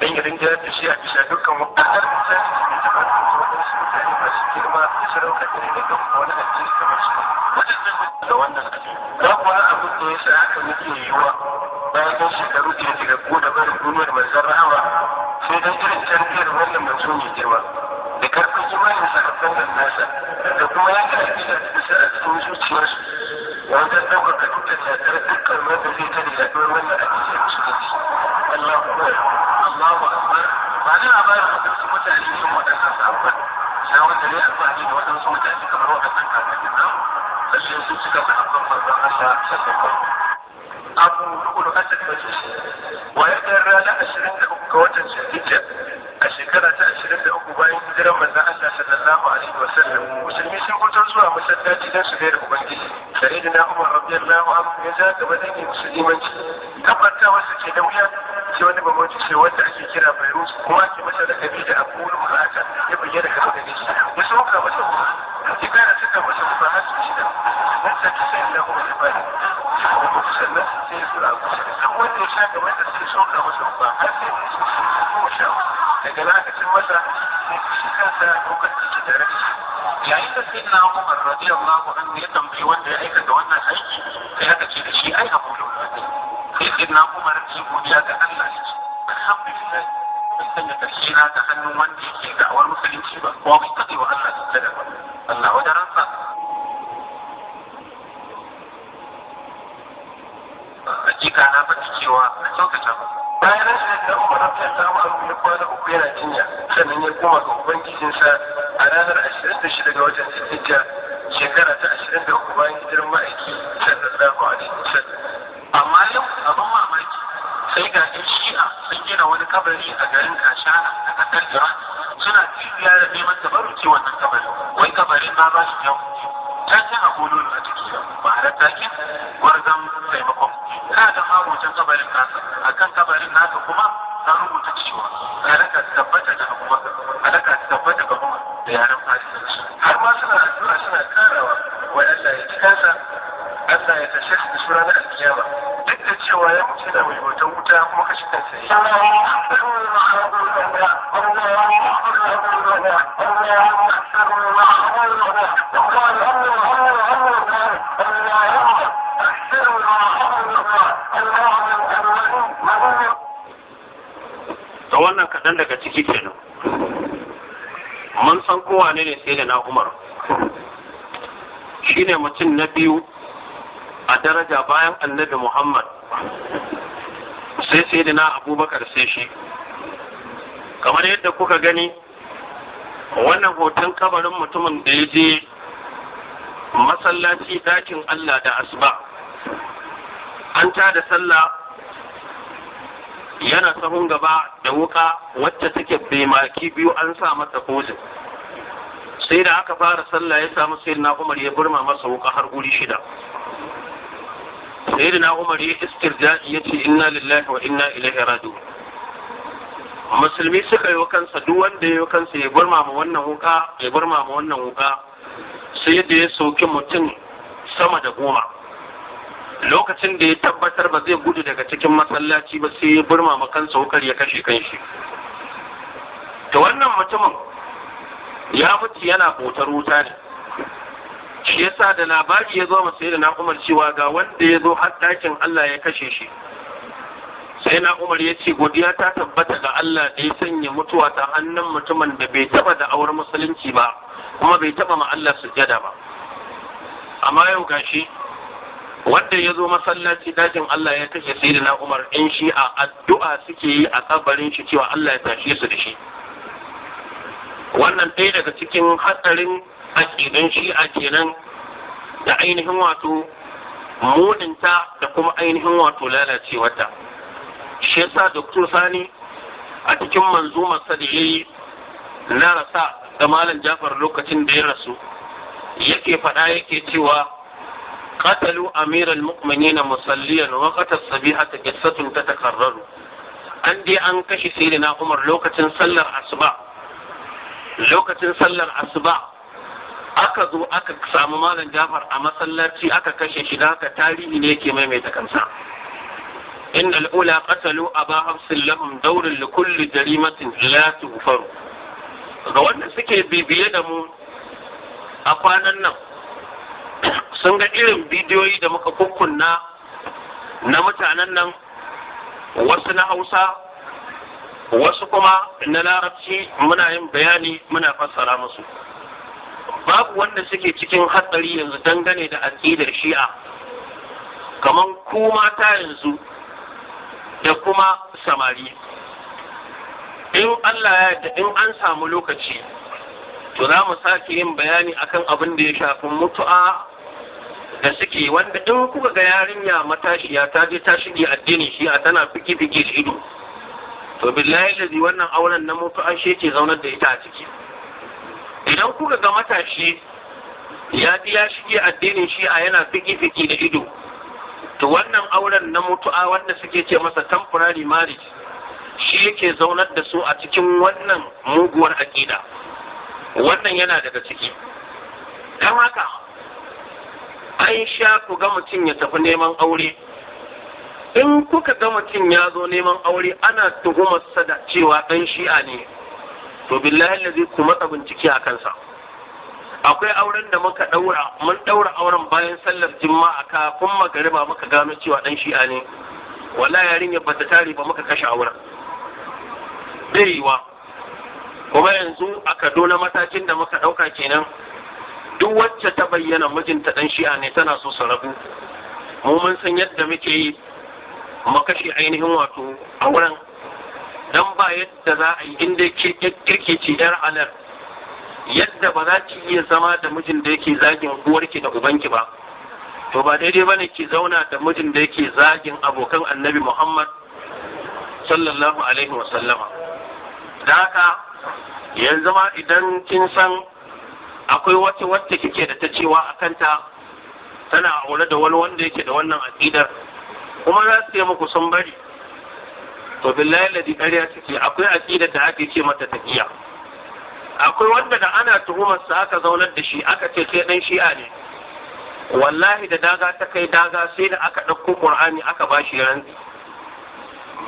S1: don ya rinjira da shi a bisa dukkan wakiltar misali da ta ba da waɗansu mutane masu girma da sarauka da rinka ɗauka wani addini kamar su da wannan za ku wani abin da ya sa haka muke yiwuwa bayan ɗan shekaru da daga ko bari barin duniyar manzon rahama sai don irin tarbiyyar wannan manzo mai girma da karfin imanin sahabban nan nasa da kuma yanke bisa da bisa a
S2: cikin zuciyarsu wajen ɗaukaka dukkan yakar dukkan wanda zai tare yaɗuwar wannan addini musulunci Allahu Akbar Allahu Akbar ba ni labarin waɗansu mutane irin waɗannan sahabban na wanda ne amfani da waɗansu mutane kamar waɗannan kakannin nan lalle
S1: sun cika sahabban manzon Allah ta sallallahu abu rukunu asad bace wa ya rana ashirin da uku ga watan shekija a shekara ta ashirin da uku bayan hijiran manzon Allah sallallahu alaihi wa sallam musulmi sun fitar zuwa masallaci don su gaida ubangiji sayyidina umar radiyallahu anhu ya zaga bazan yi musulmanci tabbatawa suke da wuya sai wani ba mace ce wanda ake kira mai rusu ko ake masa da kabi da akulu haka ya bayyana ka da ne ya so ka masa kuma ya kana suka masa kuma har su shida nan ta ta sai da kuma ba sannan sai ya fara ku duk wanda ya sha gaban da sai so ka masa kuma har sai ya so shi ko sha daga lokacin masa sai shi kansa dokar ciki tare da shi yayin da sai na Umar radiyallahu anhu ya tambayi
S3: wanda ya aikata wannan aiki sai aka ce da shi ai ce
S1: godiya ga Allah ya ce alhamdulillah ban sanya karshe na ta hannun wanda yake da'awar musulunci ba kuma bai taɓa wa Allah sujjada ba Allah wajen ransa hakika na faɗi cewa a kyautata ba bayan rashin da umar ta samu abu na kwana uku yana jinya sannan ya koma ga ubangijinsa a ranar ashirin da shida ga watan zulhijja shekara ta ashirin da uku bayan hijirar ma'aiki sallallahu alaihi wasallam amma yau sun gina wani kabari a garin kasha a ƙasar Iran suna cibiya da neman kiwon wannan kabari wai kabarin ma ba shi yau can yana gololo a ciki ba da takin gwarzan taimakon kana da mabucin kabarin nasa kan kabarin nasa kuma ta rubuta cewa su tabbata da kuma su tabbata ga kuma da yaren fasikanci har ma suna addu'a suna karawa wa Allah ya ji Allah ya tashi da sura na alkiyama duk da cewa ya mutu da mai bautan wuta kuma kashe kansa ya da wannan kaɗan daga ciki kenan mun san kowa ne ne sai da na umar shine mutum na biyu a daraja bayan annabi Muhammad sai sai da na abubakar sai shi kamar yadda kuka gani wannan hoton kabarin mutumin da ya je masallaci dakin Allah da asuba an ta da sallah yana sahun gaba da wuka wacce take bemaki biyu an sa masa kozin sai da aka fara sallah ya samu sai na umar ya burma masa wuka har guri shida na umar ya istirja'i yace inna lillahi wa inna musulmi suka yi kansa duk wanda ya yi kansa ya bar mama wannan wuka ya bar mama wannan wuka sai yadda ya sauki mutum sama da goma lokacin da ya tabbatar ba zai gudu daga cikin masallaci ba sai ya bar mama kansa wukar ya kashe kanshi to wannan mutumin ya mutu yana bautar wuta ne shi yasa da labari ya zo ma sai da na umar cewa ga wanda ya zo har ɗakin Allah ya kashe shi sai na umar ya ce godiya ta tabbata ga Allah da ya sanya mutuwa ta hannun mutumin da bai taba da auren musulunci ba kuma bai taba ma Allah sujjada ba amma yau gashi wanda ya zo masallaci dakin Allah ya kashe sai da na umar in shi a addu'a suke yi a kabarin shi cewa Allah ya tashe su da shi wannan ɗaya daga cikin hatsarin aƙidan shi'a kenan da ainihin wato muninta da kuma ainihin wato lalacewata. shi yasa doktor sani a cikin manzumarsa da ya yi na rasa da malam jafar lokacin da ya rasu yake faɗa yake cewa qatalu amiral mu'minin musalliyan wa qatat sabihata qissatun tatakarraru an dai an kashe sayyidina umar lokacin sallar asuba lokacin sallar asuba aka zo aka samu malam jafar a masallaci aka kashe shi haka tarihi ne yake maimaita kansa al-ula qatalu aba أبا lahum لهم li kulli jarimatin la تغفر ga wanda suke bibiye da mu a kwanan nan sun ga irin bidiyoyi da muka kukkunna na mutanen nan wasu na hausa wasu kuma na larabci muna yin bayani muna fassara musu babu wanda suke cikin hatsari yanzu dangane da aƙidar shi'a kamar ku mata yanzu da kuma samari in Allah ya in an samu lokaci to za mu sake yin bayani akan abin da ya shafi mutu'a da suke wanda in kuka ga yarinya matashiya ta je ta shige addini shi a tana fiki fiki shi ido to billahi da wannan auren na mutu'a shi ke zaunar da ita a ciki idan kuka ga matashi ya ji ya shige addinin shi'a yana fiki-fiki da ido to wannan auren na mutu'a wanda suke ce masa temporary marriage shi yake zaunar da su a cikin wannan muguwar aƙida wannan yana daga ciki kan haka an sha ku ga mutum ya tafi neman aure in kuka ga mutum ya zo neman aure ana tuhumarsa da cewa ɗan shi'a ne to billahi zai ku matsa bincike a kansa akwai auren da muka daura mun daura auren bayan sallar jima'a kafin magariba muka gano cewa dan shi'a ne wallahi yarinyar bata tare ba muka kashe auren daiwa kuma yanzu a kaduna matakin da muka dauka kenan duk wacce ta bayyana mijinta dan shi'a ne tana so su rabu mu mun san yadda muke yi mu kashe ainihin wato auren dan ba yadda za a yi inda kirki ce yar alar yadda ba za ki iya zama da mijin da yake zagin uwarki da ubanki ba to ba daidai ba ne ki zauna da mijin da yake zagin abokan annabi Muhammad sallallahu alaihi wa sallama da haka yanzu ma idan kin san akwai wata wacce kike da ta cewa a kanta tana aure da wani wanda yake da wannan aƙidar kuma za su yi muku sun bari to billahi ladi qariya suke akwai aƙida da ake ce mata tafiya akwai wanda da ana tuhumar sa aka zaunar da shi aka ce sai dan shi'a ne wallahi da daga ta kai daga sai da aka ɗauko qur'ani aka ba shi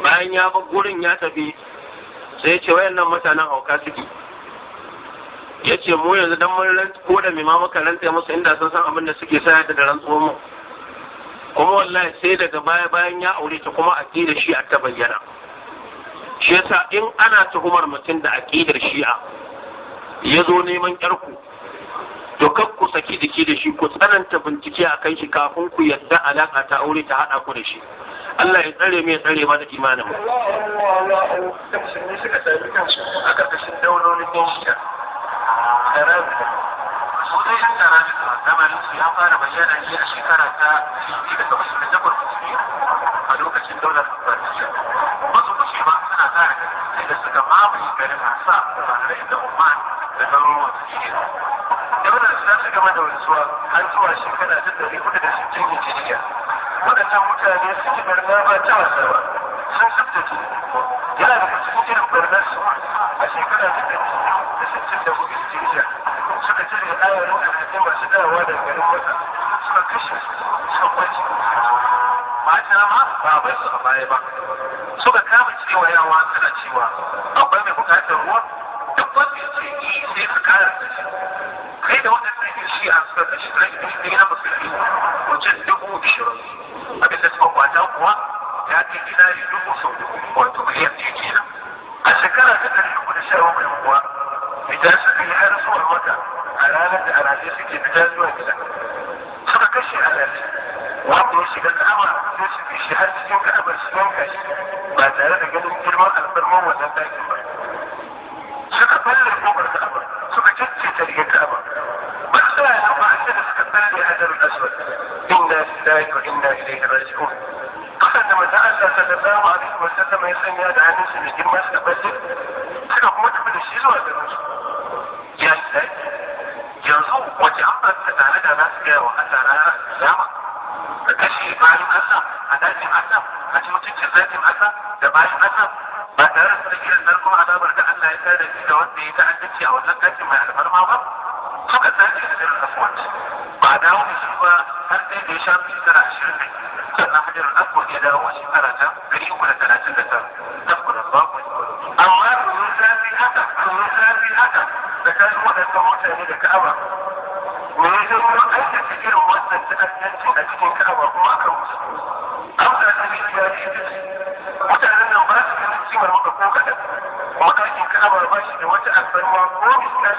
S1: bayan ya bar gurin ya tafi sai ce wayannan mutanen hauka suke ya ce mu yanzu dan mun rantsi ko da mai mamaka rantsi musu inda sun san abin da suke sayar da rantsuwar mu kuma wallahi sai daga baya bayan ya aure ta kuma aƙida shi a ta bayyana shi yasa in ana tuhumar mutum da aƙidar shi'a ya zo neman 'yarku, to kan ku saki jiki da shi ku tsananta bincike a kan shi kafin ku yadda alaƙa ta aure ta haɗa ku da shi Allah ya tsare mai tsare da imanin mu.
S2: Allah
S1: fara shekara
S3: ta suna sa inda suka mamaye garin Hasa da Bahrain da Oman
S2: da garuruwan su shi. Daular za su gama da suwa har zuwa shekara ta ɗari hudu da sittin hijiriya. Waɗannan mutane sun yi na ba ta wasa ba. Sun tsaftace yana daga cikin irin barnar su a shekara ta ɗari da sittin da hudu hijiriya. Suka cire ayarin da masu dawowa da garin wata suka kashe
S1: su suka kwace. Mata ma ba bai su a baya ba. suka kama cewa ya yawa suna cewa akwai mai bukatar ruwa duk wanda ya ce yi sai ka kara da shi kai da wata yin shi a suka da shi rai da shi na musulmi wajen dubu ishirin abinda suka kwata kuwa ya kai dinari dubu sau
S2: dubu wato miliyan ce kenan a shekara ta ɗari uku da sha bakwai kuwa idan suka yi har zuwa wata a ranar da alhaji suke fita zuwa gida suka kashe alhaji وعنده شهادة أما شهادة ينكر أما ينكر ما تعرف جد الكلمة الفرمان ولا تاكل suka balle gobar ka'aba
S1: suka caccece rigar ka'aba balla ya ba a da suka balle hajarul aswad inna lillahi wa inna ilaihi raji'un kasan da manzo Allah sallallahu alaihi wa sallam ya sanya da hannun su cikin masu tabbaci suka kuma tafi da shi zuwa garin su ya sai yanzu wace an ta tare da nasu gaya wa Allah ranar kiyama kashe bayan Allah a dajin Allah a ci mutuncin zatin Allah da bayan Allah ba tare da sun irin narkon azabar da Allah ya kare shi da wanda ya ta'addaci a wannan ɗakin mai alfarma ba suka sace da irin aswad ba a dawo da shi ba har sai da ya sha tara ashirin ne, sannan hajjar aswad ya dawo a shekara ta ɗari uku da talatin da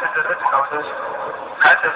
S1: حتى تدرك حوزة حتى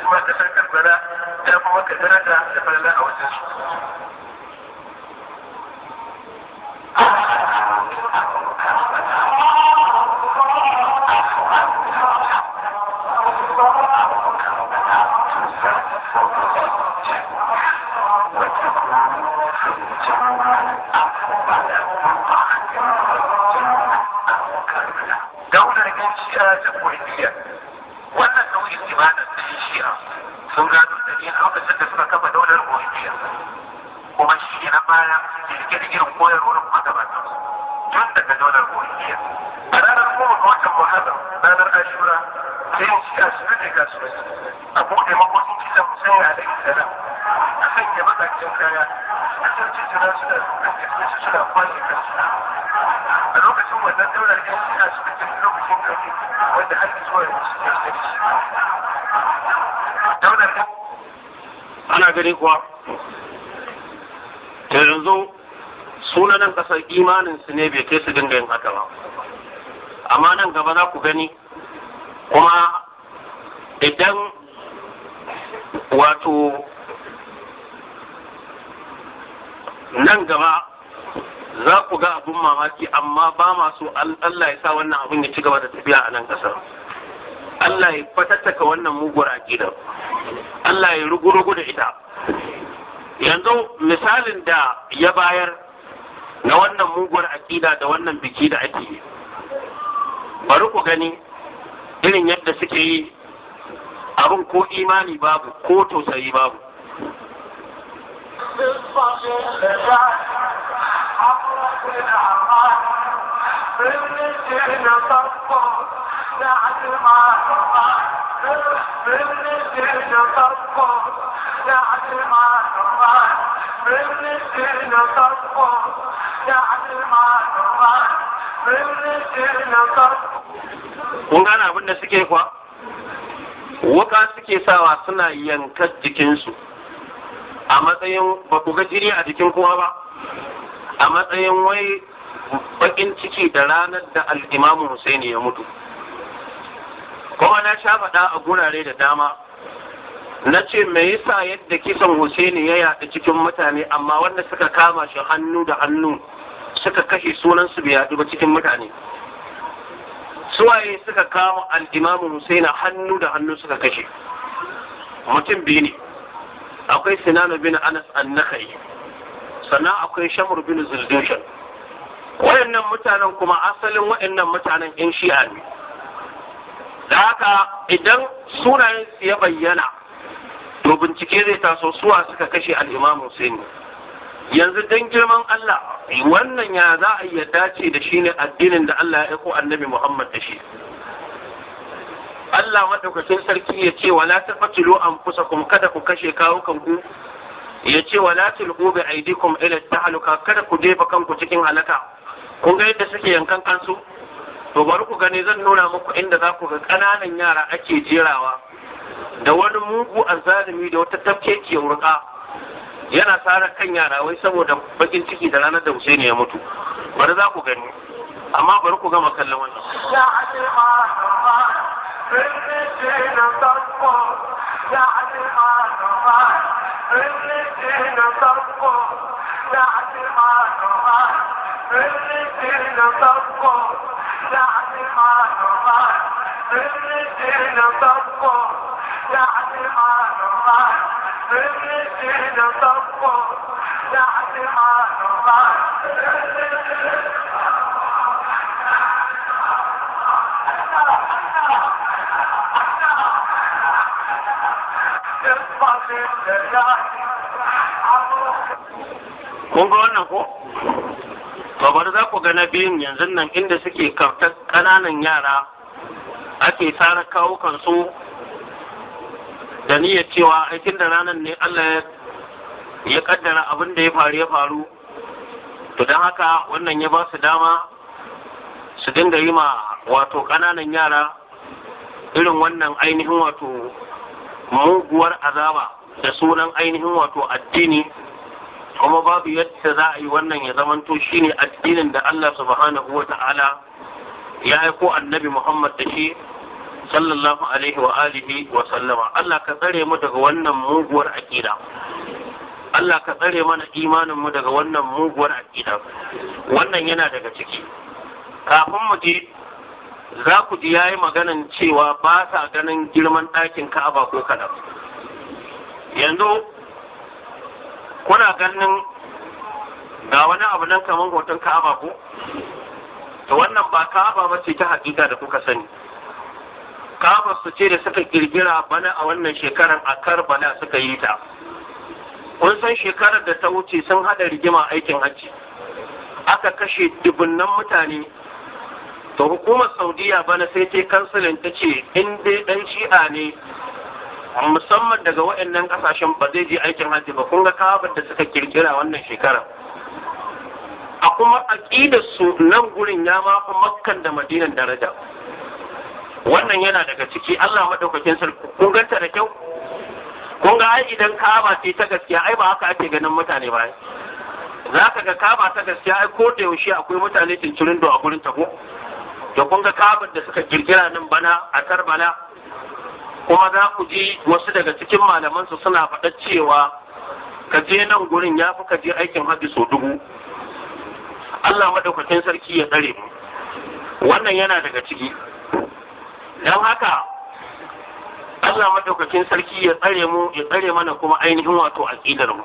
S1: gani kuwa ta yanzu sunanan kasar imaninsu ne bai kai su dinga yin haka ba amma nan gaba za ku gani kuma idan wato nan gaba za ku ga abin mamaki amma ba masu Allah ya sa wannan abin ya ci gaba da tafiya a nan ƙasar. Allah ya fatattaka wannan mugura gidan, Allah ya rugu-rugu da ita yanzu misalin da ya bayar na wannan muguwar aƙida da wannan biki da ake yi bari ku gani irin yadda suke yi abin ko imani babu ko tausayi babu
S2: نعلم
S1: kun gane abin da suke kuwa wuka suke sawa suna yankar jikinsu a matsayin ba ku jiri a jikin kowa ba a matsayin wai bakin ciki da ranar da al'imamu Hussaini ya mutu kuma na sha faɗa a gurare da dama na ce me yasa yadda kisan Husaini ya yaɗa cikin mutane amma wanda suka kama shi hannu da hannu suka kashe sunansu bai yaɗu ba cikin mutane suwaye suka kama al-Imam hannu da hannu suka kashe mutum biyu ne akwai Sinan bin Anas an-Nakhai sannan akwai Shamr bin Zuldushan wayannan mutanen kuma asalin wayannan mutanen in shi'a ne da haka idan sunayen su ya bayyana to bincike zai taso suwa suka kashe al-imam Hussein yanzu dan girman Allah wannan ya za a iya dace da shi ne addinin da Allah ya aiko annabi Muhammad da shi Allah madaukakin sarki ya ce wala taqtulu anfusakum kada ku kashe kawukan ku ya ce wala tulqu bi aidikum ila tahluka kada ku jefa kanku cikin halaka kun ga yadda suke yankan kansu to bari ku gani zan nuna muku inda za ku ga ƙananan yara ake jerawa da wani mugu zalimi da wata ya wurka yana sarar kan yara wai saboda bakin ciki da ranar da Husaini ya mutu bari za ku gani amma bari ku gama kallon wannan يا
S2: الرجال طبقوا يعني ما نمر الرجال طبقوا يعني ما نمر الرجال طبقوا يعني ما نمر
S1: Kun ga wannan ko? babar za ku na biyun yanzu nan inda suke kautar ƙananan yara ake tsara kawo kansu da niyyar cewa aikin da ranar ne Allah ya kaddara abin da ya faru ya faru to don haka wannan ya ba su dama su dinga yi ma wato ƙananan yara irin wannan ainihin wato muguwar azaba da sunan ainihin wato addini kuma babu yadda za a yi wannan ya shi shine addinin da Allah subhanahu wa ta'ala ya yi ko annabi Muhammad da shi sallallahu alaihi wa alihi wa sallama Allah ka tsare mu daga wannan muguwar aqida Allah ka tsare mana imanin mu daga wannan muguwar aqida wannan yana daga ciki kafin mu je za ku ji yayi maganan cewa ba sa ganin girman ɗakin Ka'aba ko kada yanzu kuna ganin ga wani abu nan kamar hoton ka'aba ko to wannan ba ka'aba ba ce ta hakika da kuka sani ka'aba su ce da suka girgira bana a wannan shekarar a karbala suka yi ta kun san shekarar da ta wuce sun hada rigima aikin hajji aka kashe dubunnan mutane to hukumar saudiya bana sai ta kansulin ta ce in dai dan shi'a ne musamman daga waɗannan ƙasashen ba zai je aikin hajji ba kun ga kawabar da suka kirkira wannan shekara a kuma aƙidar su nan gurin ya mafi makkan da madinan daraja wannan yana daga ciki Allah maɗaukakin sarki kun ganta da kyau kun ga ai idan kaba ce ta gaskiya ai ba haka ake ganin mutane ba za ka ga kaba ta gaskiya ai ko da yaushe akwai mutane cincirin do a gurin ta ko da kun ga kabar da suka kirkira nan bana a bana? kuma za ku ji wasu daga cikin malamansu suna faɗa cewa ka je nan gurin ya fi ka je aikin hajji sau dubu Allah maɗaukakin sarki ya tsare mu wannan yana daga ciki don haka Allah maɗaukakin sarki ya tsare mu ya tsare mana kuma ainihin wato aƙidar mu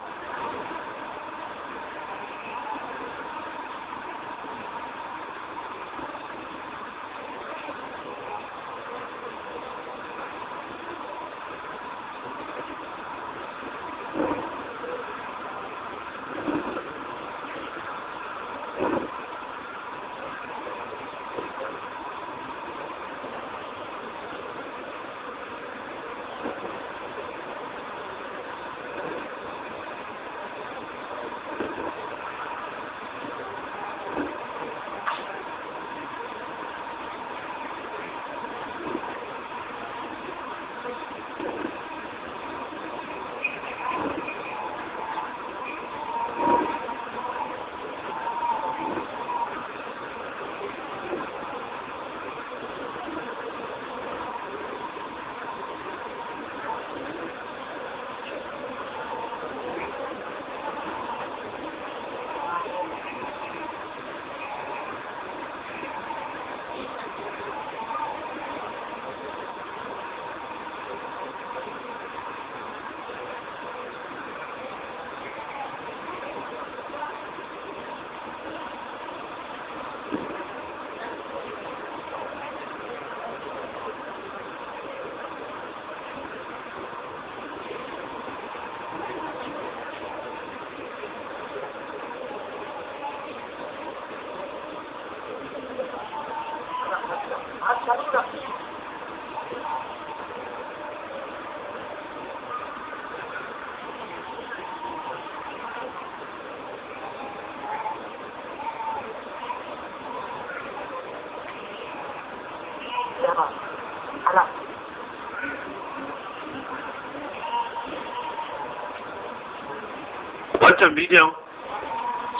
S1: wancan bidiyon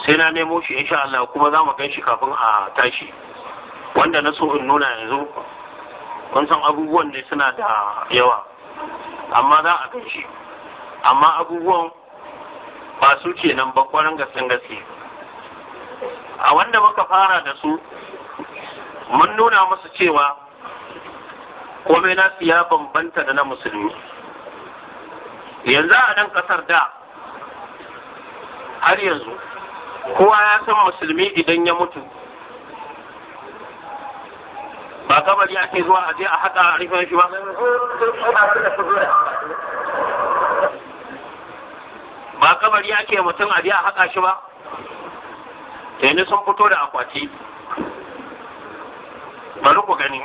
S1: sai na nemo shi insha Allah kuma za mu gan shi kafin a tashi wanda na so in nuna yanzu kun san abubuwan ne suna da yawa amma za a gaishe. amma abubuwan ba su ce nan ba kwarin gaske a wanda muka fara da su mun nuna musu cewa komai na ya bambanta da na musulmi yanzu a nan kasar da har yanzu kowa ya san musulmi idan ya mutu ba kabari ake zuwa a je a haka a rufe shi ba ba kabari ake mutum a je a haka shi ba tuni sun fito da akwati bari ku gani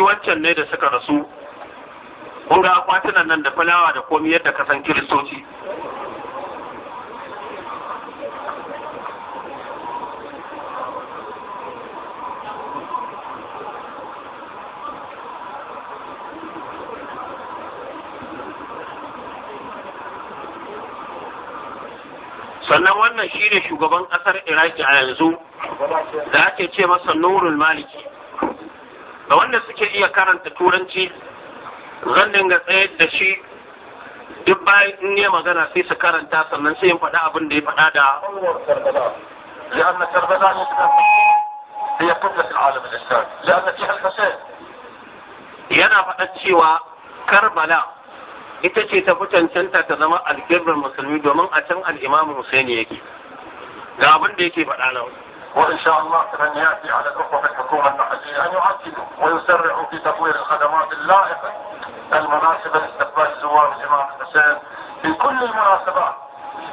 S1: shi wancan ne da suka rasu kun ga akwatunan nan da falawa da komi yadda ka san kiristoci sannan wannan shi ne shugaban ƙasar iraki a yanzu da ake ce masa nurul maliki ga wanda suke iya karanta turanci zan dinga tsayar da shi duk bayan in yi magana sai su karanta sannan sai in faɗa abin da ya faɗa da yana faɗa cewa karbala ita ce ta fi cancanta ta zama alkiblar musulmi domin a can al'imamu husaini yake ga abin da yake faɗa nan وإن شاء الله فمن يأتي على koma na الحكومة an yi يعدلوا ويسرع في تطوير الخدمات اللائقة المناسبة لاستقبال زوار الإمام الحسين في كل المناسبات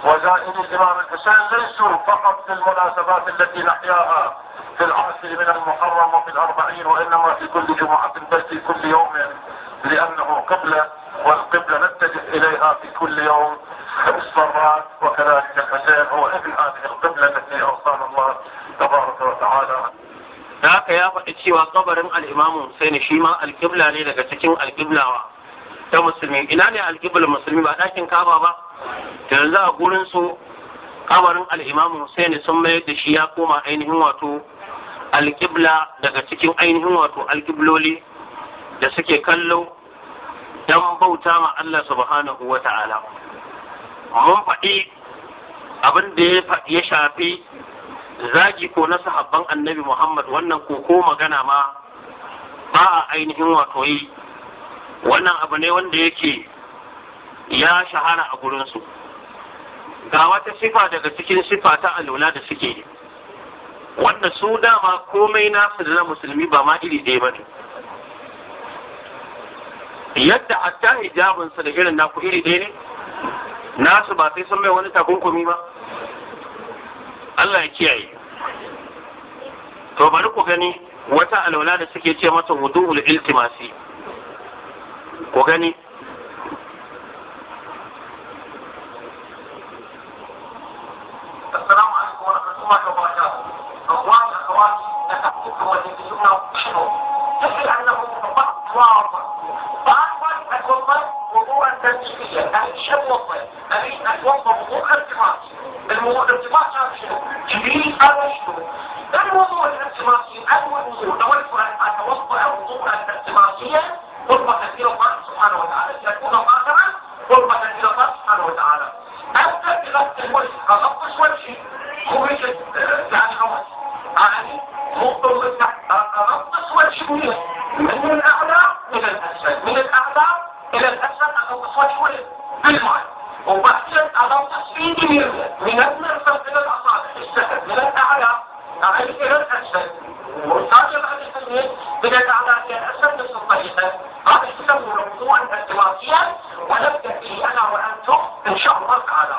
S1: وزائري الإمام الحسين ليسوا فقط في المناسبات التي نحياها في العاشر من المحرم وفي الأربعين وإنما في كل جمعة بل في كل يوم لأنه قبلة والقبلة نتجه إليها في كل يوم خمس مرات faɗi cewa kabarin al'imamu ne shi ma alƙibla ne daga cikin alƙiblawa ta musulmi ina ne alƙiblar musulmi ba ɗakin kaba ba da yanzu a gurin su kabarin al'imamu ne sun mayar da shi ya koma ainihin wato alƙibla daga cikin ainihin wato alƙibloli da suke kallo don bauta ma Allah subhanahu wa ta'ala mun faɗi abin da ya shafi zagi ko na sahabban annabi Muhammad wannan ko ko magana ma ba a ainihin wato yi wannan abu ne wanda yake ya shahara a gurinsu ga wata sifa daga cikin sifa ta alula da suke wanda su dama komai nasu da na musulmi ba ma iri ɗaya ba ne yadda ta hijabinsa da irin naku iri ɗaya ne nasu ba sai sun mai wani takunkumi ba Allah ya kiyaye. To bari ku gani wata alwala da suke ce mata wudu'ul iltimasi. Ku gani
S2: Assalamu alaikum wa rahmatullahi
S1: wa barakatuh. da da اتوضا وضوءا ترتيبيا اهي شاب وضوء اهي اتوضا موضوع ارتباط الموضوع ارتباط شنو شنو جبريل قال شنو الوضوء الارتباطي اول وضوء نود ان اتوضا الارتباطية ارتباطيا قربة الى الله سبحانه وتعالى يكون قادرا قربة الى الله سبحانه وتعالى ابدا بغسل الوجه اغطس وجهي خرجت آه، يعني عمر يعني مطلق اغطس وجهي من الأعلى إلى الأسفل من الأعلى إلى الأسفل أو أصابعه بالماء وبعدين أضع 90 من من المرفق إلى الأصابع السفل من الأعلى أعلى إلى الأسفل والتاجر على التنمية من الأعلى إلى الأسفل نفس الطريقة هذا يسمى موضوعا اعتراضيا ونبدأ فيه أنا وأنتم إن شاء الله تعالى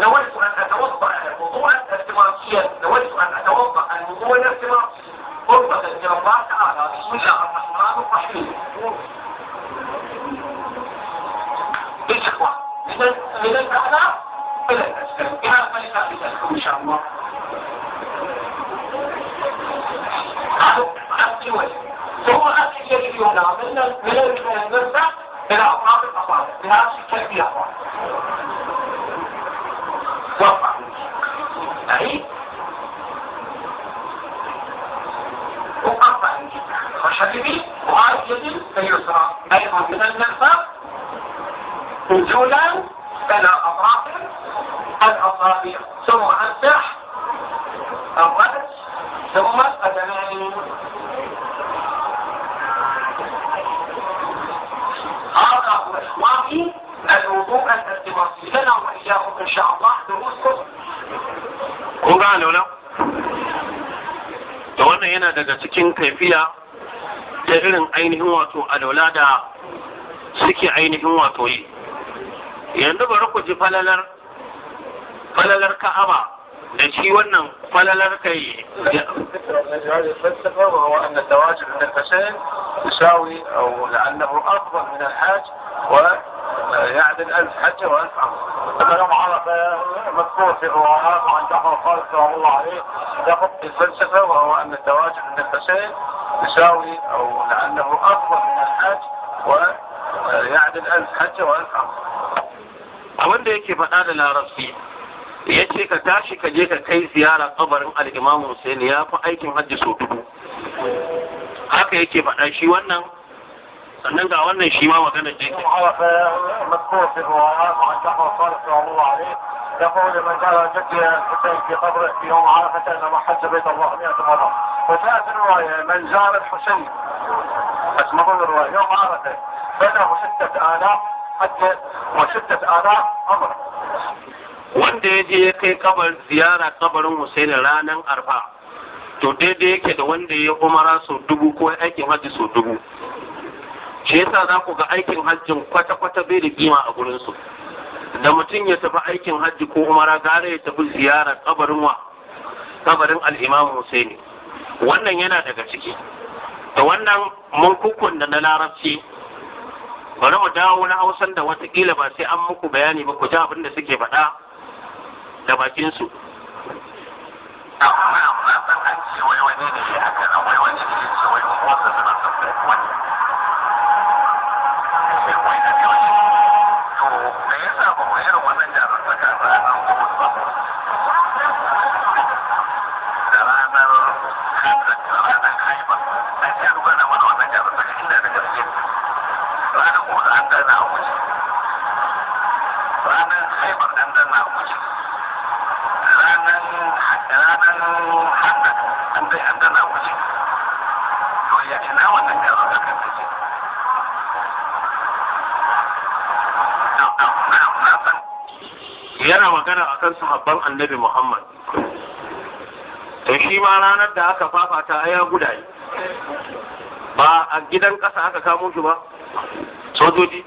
S1: نود أن أتوضأ وضوءا اعتراضيا نود أن أتوضأ الموضوع الاعتراضي قربة من الله تعالى بسم الله cikin kaifiya da irin ainihin wato alola da suke ainihin wato yi yanzu bari ku ji falalar falalar ka'aba da shi wannan falalar kai وهو يعدل ألف حجة وألف عمر. يوم عرفة مذكور في الروايات عن جعفر الخالد رحمه الله عليه يعتقد في الفلسفة وهو أن التواجد من الحسين يساوي أو لأنه أفضل من الحج ويعدل ألف حج وألف عمر abin da yake faɗa da larabci ya ce ka tashi ka je ka kai ziyara kabarin al'imam Hussein ya fi aikin hajji sau dubu haka yake faɗa shi wannan sannan ga wannan shi ma magana ce يقول من جاء جدي الحسين في قبره في يوم عرفة انما حج بيت الله 100 مرة في الرواية من زار الحسين اسمه الرواية يوم عرفة فله ستة آلاف حج وستة آلاف عمرة wanda ya je ya kai kabar ziyara kabarin Hussein ranar arfa to daidai yake da wanda ya umara sau dubu ko aikin hajji sau dubu shi yasa za ku ga aikin hajjin kwata-kwata bai da kima a gurinsu. su da mutum ya tafi aikin hajji ko umara gara ya tafi ziyarar kabarin wa kabarin al-Imam Husaini wannan yana daga ciki da wannan mun da na larabci bari mu dawo na hausan da watakila ba sai an muku bayani ba ku ji abin da suke faɗa da bakinsu.
S4: Akwai wani ne shi
S1: san sahabban annabi Muhammad to shi ma ranar da aka fafata ya gudaye ba a gidan ƙasa aka kamo shi ba sojoji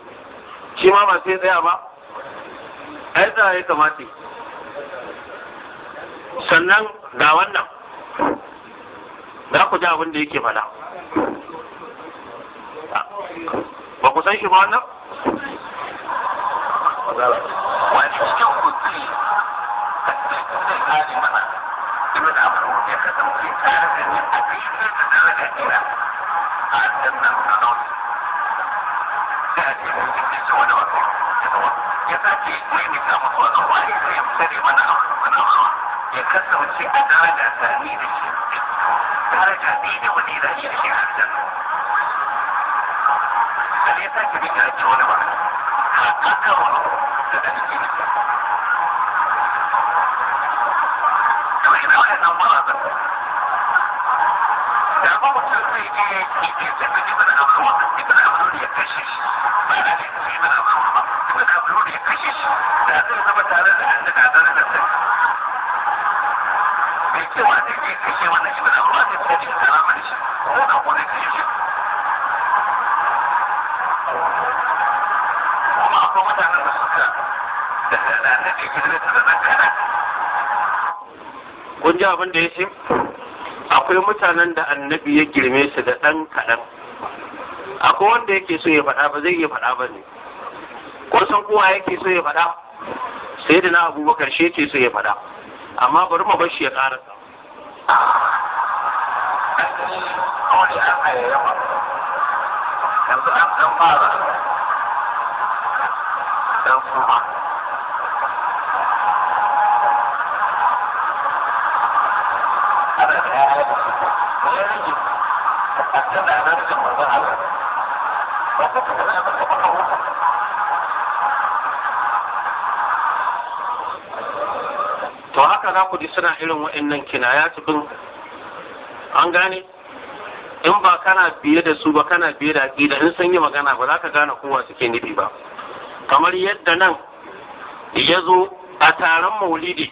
S1: shi ma ba sai tsaya ba ai tsaya ya kamata sannan ga wannan za ku ji abin da yake fada ba ku san shi ba wannan هذه مرة
S2: ابن عمرو يخدم في تعرف ان الحبيب لدرجة الى عندما خلاص تأتي من الجنس ونوته يتأتي من الأمر والله يبتدي من أمر من أمر يكسر الشيء درجة تأمين الشيء درجة دين ودين الشيء عندنا هل يتأتي من الجنس ونوته حققه تدرجة امراضك تموت ابن ابرون ابن ابرون يكشش ابن ابرون ابن ابرون يكشش ده غير ما تعالى عندك عدالة نفسك بيجي وقت يجي يكشي وانا ابن ابرون يكشي انا ماليش هو كمان يكشي وما اقوى متى انا نفسك
S1: ده انا نفسي كده kun ji abin da ya ce akwai mutanen da annabi ya girme su da ɗan kaɗan akwai wanda yake so ya faɗa ba zai iya faɗa ba ne ko san kowa yake so ya faɗa sai da na abubakar shi yake so ya faɗa amma bari mu bar shi ya ƙara
S2: yanzu an fara
S1: to haka za ku ji suna irin wa'annan kinaya cikin an gane in ba kana biye da su ba kana biye da aƙida in sun yi magana ba za ka gane kowa suke nufi ba kamar yadda nan ya zo a taron maulidi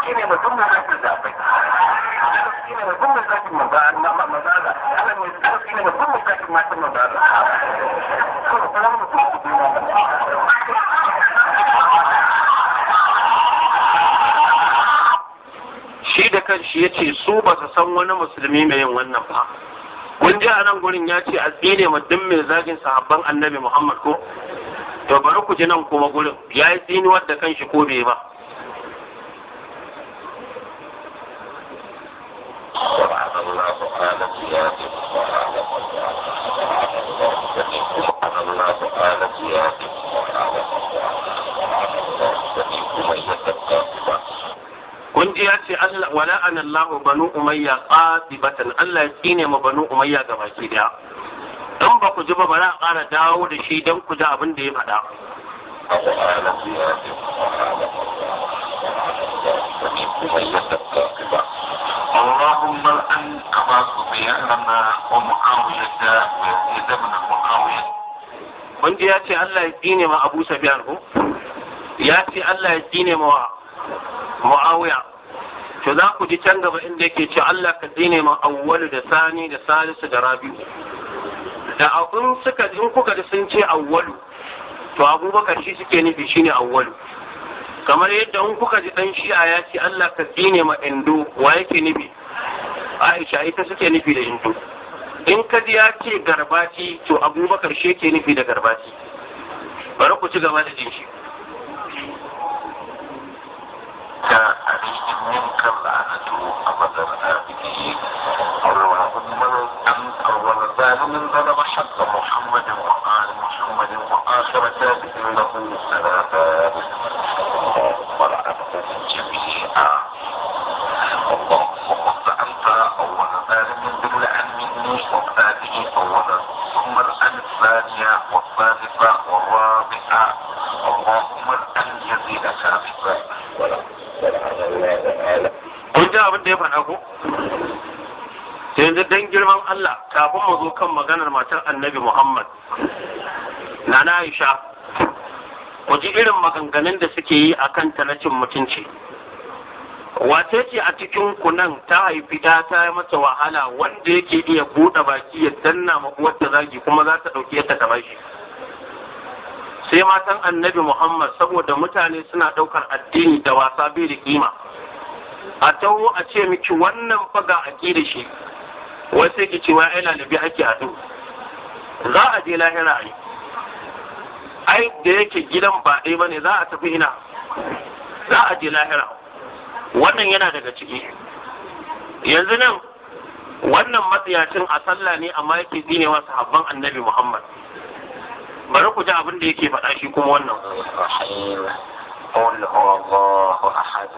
S1: shi ne musamman zakin zafai shi ne musamman zakin mazaza ana mai tsaro shi ne musamman zakin matan mazaza kuma kuma mutum su biyu shi da kanshi ya ce su ba su san wani musulmi mai yin wannan ba kun ji a nan gurin ya ce a tsine ma duk mai zagin sahabban annabi muhammad ko to bari ku ji nan kuma gurin ya yi tsinuwar da kanshi ko bai ba la'ana Allah banu umayya qatibatan Allah ya tsine ma banu umayya gabaki daya dan ba ku ji ba bara ƙara dawo da shi dan ku ji abin da ya faɗa
S3: اللهم الان ابا سفيان ومعاويه
S1: ويزيد بن معاويه. من يا الله يديني مع ابو سفيان هو؟ الله يديني مع to za ku ji can gaba inda yake ce Allah ka dine ma awwalu da sani da salisu da rabi'u da abun suka in kuka ji sun ce awwalu to abubakar shi suke nufi shine awwalu kamar yadda in kuka ji dan shi'a ya yaki Allah ka dine ma indo wa yake nufi Aisha ita suke nufi da indo in ka ji ya ce garbati to abubakar shi yake nufi da garbati bari ku ci gaba da jin shi تلك عليهم منك اللعنة أبد الآبدين أول ظالم
S3: ظلم حق محمد وآل محمد وآخر ثابت له ثلاثة ولعنه جميعا اللهم أنت أول ظالم باللعن مني وبهذه أولا ثم الآن الثانية والثالثة والرابعة اللهم
S1: الآن يزيد ثابتا ولا kun ji abin da ya faɗa ko sai yanzu dan girman Allah kafin mu zo kan maganar matar annabi Muhammad na na Aisha ku ji irin maganganun da suke yi a kan talacin na cin mutunci wace ce a cikin kunan ta haifi ta ta mata wahala wanda yake iya buɗe baki ya danna ma uwar ta zagi kuma za ta ɗauki ta ta bashi sai matan annabi muhammad saboda mutane suna ɗaukar addini da wasa bai da kima a taho a ce miki wannan faga a da shi wai sai ki ce wa ai lalabi ake ado za a je lahira ai ai da yake gidan ba ɗaya bane za a tafi ina za a je lahira wannan yana daga ciki yanzu nan wannan matsayacin a sallah ne amma yake zinewa sahabban annabi muhammad bari ku ji abin da yake faɗa shi kuma wannan قل هو الله أحد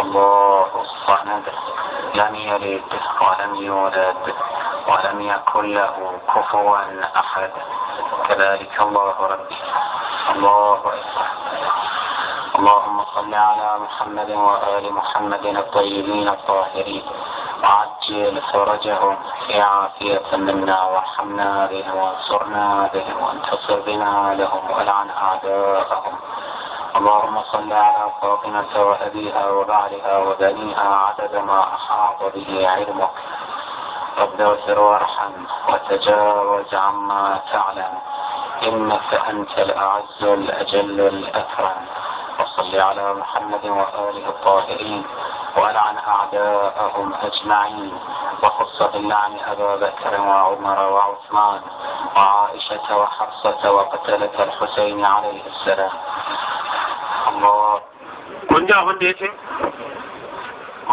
S1: الله الصمد
S3: لم يلد ولم يولد ولم يكن له كفوا أحد كذلك الله ربي الله أكبر اللهم صل على محمد وآل محمد الطيبين الطاهرين وعجل فرجهم في عافية منا وارحمنا بهم وانصرنا بهم وانتصر بنا لهم والعن أعداءهم اللهم صل على فاطمة وأبيها وبعلها وبنيها عدد ما أحاط به علمك رب اغفر وارحم وتجاوز عما تعلم إنك أنت الأعز الأجل
S2: الأكرم
S3: وصل على محمد وآله الطاهرين ولعن أعداءهم أجمعين وخص باللعن أبا بكر وعمر وعثمان وعائشة وحفصة وقتلة الحسين عليه السلام
S1: الله kun ji abin da ya ce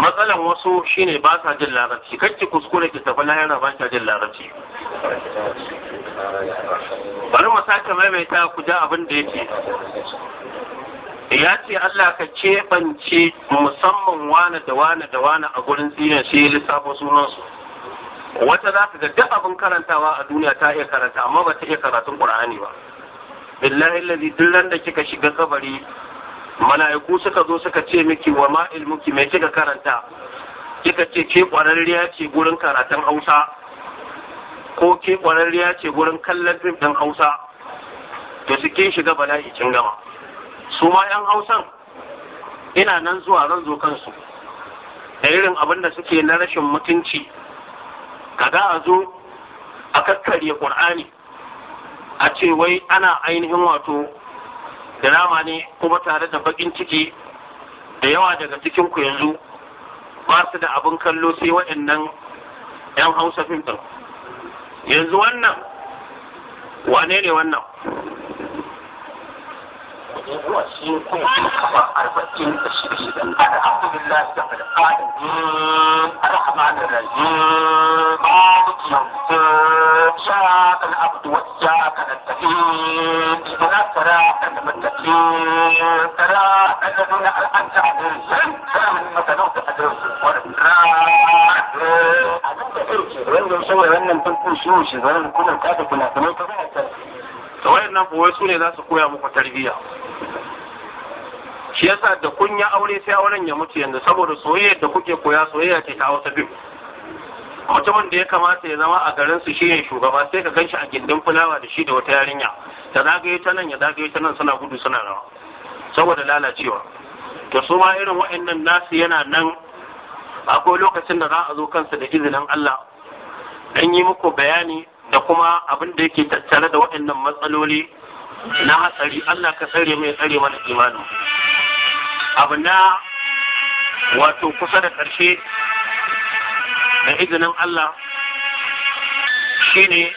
S1: matsalan wasu shine ba sa jin larabci kan kacce kuskure ki tafi lahira ba sa jin larabci bari mu sake maimaita ku ja abin da ya ce ya ce Allah ka keɓance musamman wane da wane da wane a gurin tsinin shi ya lissafa sunansu wata za ka ga duk abin karantawa a duniya ta iya karanta amma ba ta iya karatun ƙur'ani ba billahi lalli duk da kika shiga kabari mala'iku suka zo suka ce miki wa ma ilmuki mai kika karanta kika ce ke ƙwararriya ce gurin karatun hausa ko ke ƙwararriya ce gurin kallon fim ɗin hausa to shiga bala'i kin gama su ma 'yan hausan ina nan zuwa ran zo kansu da irin abin da suke na rashin mutunci kaga a zo a kakkarye ƙur'ani a ce wai ana ainihin wato drama ne kuma tare da bakin ciki da yawa daga cikin ku yanzu ba su da abin kallo sai waɗannan 'yan hausa fim yanzu wannan wane ne wannan وشين كل خبر أربعين تشريد الحمد لله رب العالمين الرحمن الرحيم مالك يوم الدين شاك العبد وشاك نستعين اهدنا الصراط المستقيم صراط الذين أنعمت عليهم غير المغضوب عليهم ولا الضالين wannan tun kun shi shi zan kuna kada kuna kuma ta da nan kuwa su ne za su koya muku tarbiyya shi yasa da kun ya aure sai auren ya mutu yanzu saboda soyayyar da kuke koya soyayya ce ta hausa biyu mutumin da ya kamata ya zama a garin su shi shugaba sai ka ganshi a gindin fulawa da shi da wata yarinya ta zagaye ta nan ya zagaye ta nan suna gudu suna rawa saboda lalacewa to su ma irin wa'annan nasu yana nan akwai lokacin da za a zo kansa da izinin Allah an yi muku bayani da kuma abin da yake tattare da waɗannan matsaloli na hatsari Allah ka tsare mai tsare mana imani abu na wato kusa da ƙarshe da izinin Allah shine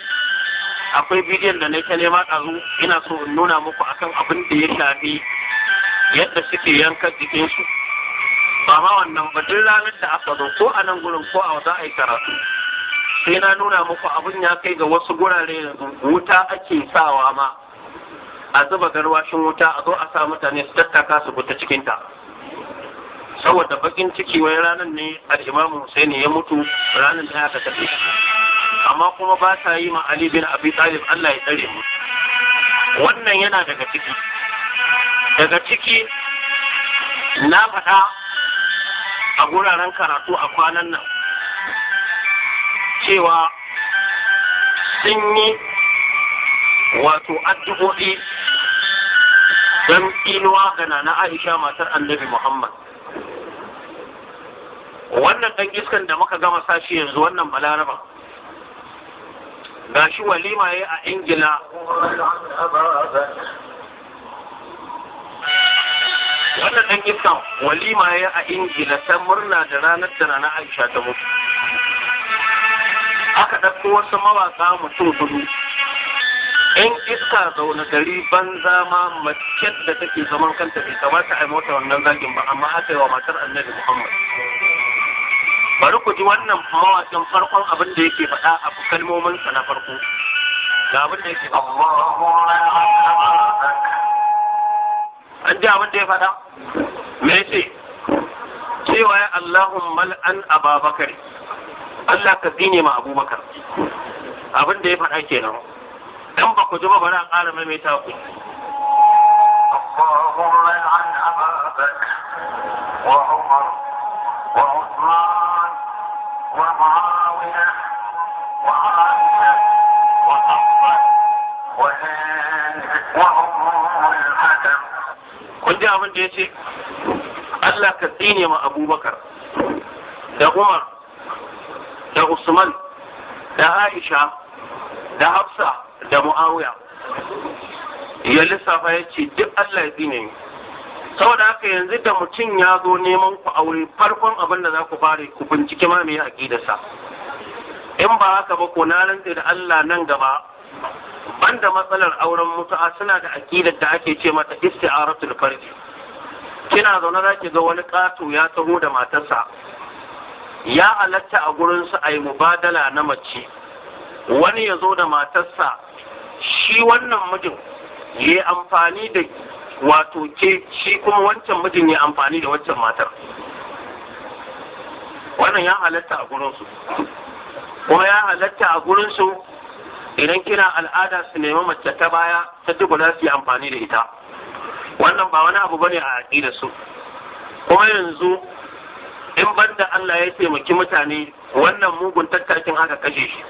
S1: akwai bidiyon da na ke nema ƙazu ina so in nuna muku akan abin da ya shafi yadda suke yanka jikinsu ba ma wannan ba duk ranar da aka zo ko a nan gurin ko a za a yi karatu sai na nuna muku abin ya kai ga wasu gurare wuta ake sawa ma a zuba garwashin wuta a zo a sa mutane su tattaka su fita cikinta saboda bakin ciki wai ranar ne imamu sai ne ya mutu ranar ɗaya ta tafi amma kuma ba ta yi ma Ali bin Abi Talib Allah ya tsare mu wannan yana daga ciki daga ciki na faɗa a guraren karatu a kwanan nan cewa sun yi wato addu'o'i don inuwa gana na Aisha matar annabi Muhammad. Wannan ɗan iskan da muka gama sashi yanzu wannan balaraban. Ga shi walima ya a Ingila. Wannan ɗan iskan walima ya a Ingila ta murna da ranar da na Aisha ta mutu. aka ɗauko wasu mawaƙa mutum hudu yan iska zaune gari banza ma mace da take zaman kanta bai kamata a yi mota wannan zagin ba amma haka yi wa matar annabi muhammad bari ku ji wannan mawaƙin farkon abin da yake faɗa a kalmominsa na farko ga abin da yake an ji abin da ya faɗa me ce cewa ya allahun mal'an ababakari Allah ka zine ma abubakar abin da ya faɗa kenan dan ba ku ji ba bari a ƙara maimaita ku Kun ji abin da ya ce, Allah ka tsine ma abubakar da Umar da Usman da Aisha da Hafsa da Muawiya ya lissafa ya ce duk Allah ya tsine saboda haka yanzu da mutum ya zo neman ku aure farkon abin da za ku fara ku bincike ma mai aƙidarsa in ba haka ba ko na rantse da Allah nan gaba banda matsalar auren mutu'a suna da aƙidar da ake ce mata isti'aratul farji kina zaune za ki ga wani ƙato ya taho da matarsa ya alatta a gurinsu a yi mubadala na mace wani ya zo da matarsa shi wannan mijin ya yi amfani da wato ke shi kuma wancan mijin ya amfani da wancan matar wannan ya halatta a gurinsu kuma ya halatta a gurinsu idan kina al'ada su nemi mace ta baya ta dubula su yi amfani da ita wannan ba wani abu bane a aƙidar su kuma yanzu in banda Allah ya taimaki mutane wannan mugun tattakin haka kashe shi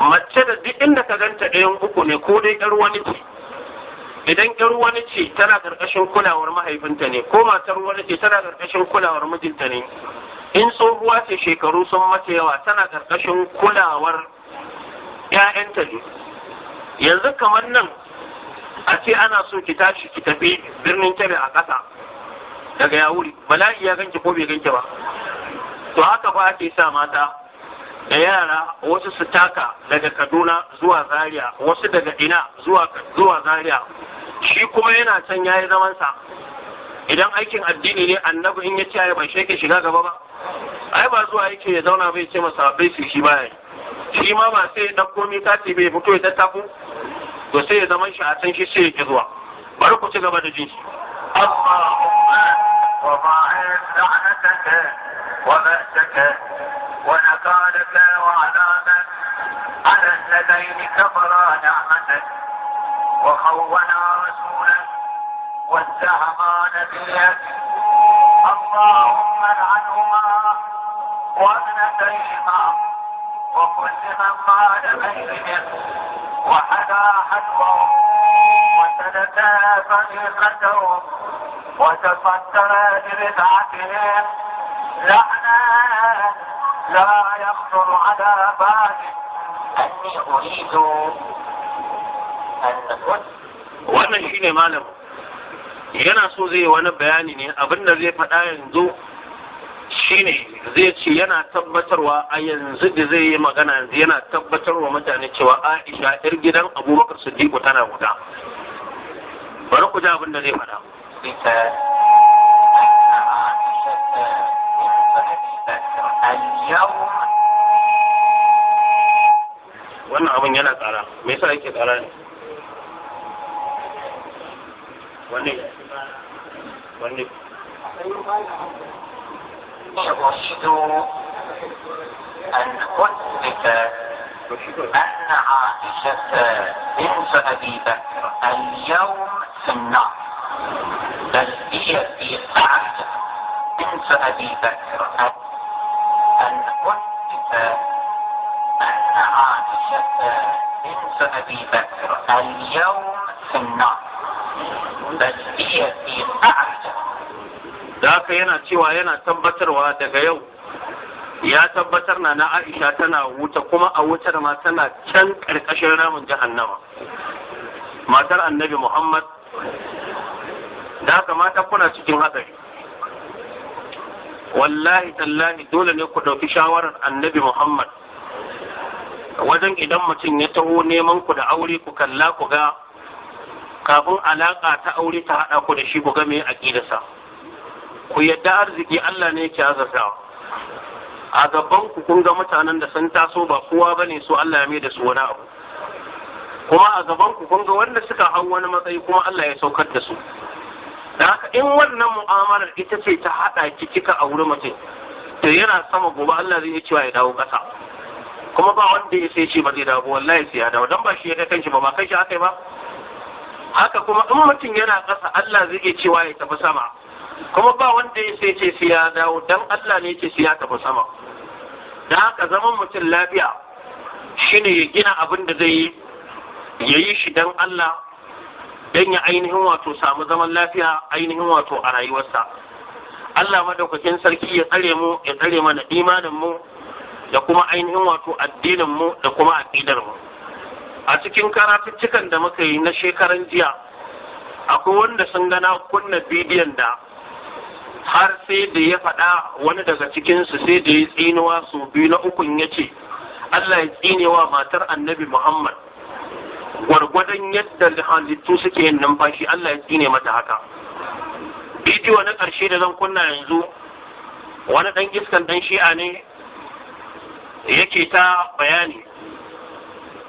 S1: mace da duk inda ka ganta ɗayan uku ne ko dai ƴar wani ce idan ƴar wani ce tana ƙarƙashin kulawar mahaifinta ne ko matar wani ce tana ƙarƙashin kulawar mijinta ne in tsohuwa ce shekaru sun mata yawa tana ƙarƙashin kulawar ƴaƴanta ne yanzu kamar nan a ce ana so ki tashi ki tafi birnin kebe a ƙasa daga ya wuri bala'i ya ganki ko bai ganki ba to haka ba ake sa mata da yara wasu su taka daga kaduna zuwa zaria wasu daga ina zuwa zuwa zaria shi kuma yana can yayi zaman sa idan aikin addini ne annabi in ya ce ai ban sheke shiga gaba ba ai ba zuwa yake ya zauna bai ce masa bai su shi baya shi ma ba sai komai dauko mikati bai fito ya tattafo to sai ya zaman shi a can shi sai ya zuwa bari ku ci gaba da jin shi Allah وضاعف لعنتك وبأسك ونكالك وعذابك على الذين كفرا نعمتك وخونا رسولك واتهما نبيك اللهم العنهما وابنتيهما وكل من قال بينهم وحدا حدوهم وسلكا طريقتهم وتفكر ببدعتهم
S2: لعنا
S1: لا يخطر على بالي اني اريد ان اكون wannan shine malam yana so zai yi wani bayani ne abin da zai faɗa yanzu shine zai ce yana tabbatarwa a yanzu da zai yi magana yanzu yana tabbatarwa mutane cewa aisha yar gidan abubakar su diko tana guda bari ku ji abin da zai faɗa بك أن عائشة
S4: بنت أبي بكر اليوم
S1: wannan abin yana tsara me yasa yake tsara ne wanne
S3: أن أثبت أن عائشة بنت أبي بكر اليوم في النار بل هي في قعدة انس ابي بكر ان وقف ان عائشة
S1: انس ابي بكر اليوم في النار بل هي
S2: في قعدة
S1: da haka yana cewa yana tabbatarwa daga yau ya tabbatar na Aisha tana wuta kuma a wutar ma tana can ƙarƙashin ramin jahannama matar annabi Muhammad da haka mata kuna cikin hatsari wallahi tallahi dole ne ku ɗauki shawarar annabi muhammad wajen idan mutum ya taho neman ku da aure ku kalla ku ga kafin alaƙa ta aure ta haɗa ku da shi ku ga me aƙidarsa ku yadda arziki Allah ne ke azarta a gaban ku kun ga mutanen da sun taso ba kowa bane su Allah mai da su wani abu kuma a gaban ku kun ga wanda suka hau wani matsayi kuma Allah ya saukar da su da haka in wannan mu'amalar ita ce ta haɗa ki kika a wuri mace to yana sama gobe Allah zai cewa ya dawo ƙasa kuma ba wanda ya sai shi ba zai dawo wallahi sai ya dawo dan ba shi ya kai kanshi ba ba kai shi aka yi ba haka kuma in mutum yana ƙasa Allah zai iya cewa ya tafi sama kuma ba wanda ya sai ce sai ya dawo dan Allah ne yake sai ya tafi sama da haka zaman mutum lafiya shine ya gina abin da zai yi ya yi shi dan Allah don ya ainihin wato samu zaman lafiya ainihin wato a rayuwarsa Allah madaukakin sarki ya tsare mu ya tsare mana imanin da kuma ainihin wato addinin mu da kuma aqidar mu a cikin karatuttukan da muka yi na shekaran jiya akwai wanda sun gana kunna bidiyon da har sai da ya faɗa wani daga cikinsu sai da ya tsinuwa su biyu na ukun ya ce Allah ya tsinewa matar annabi Muhammad gwargwadon yadda halittu suke yin numfashi Allah ya tsine mata haka bidiyo na ƙarshe da zan kunna yanzu wani ɗan iskan ɗan shi'a ne yake ta bayani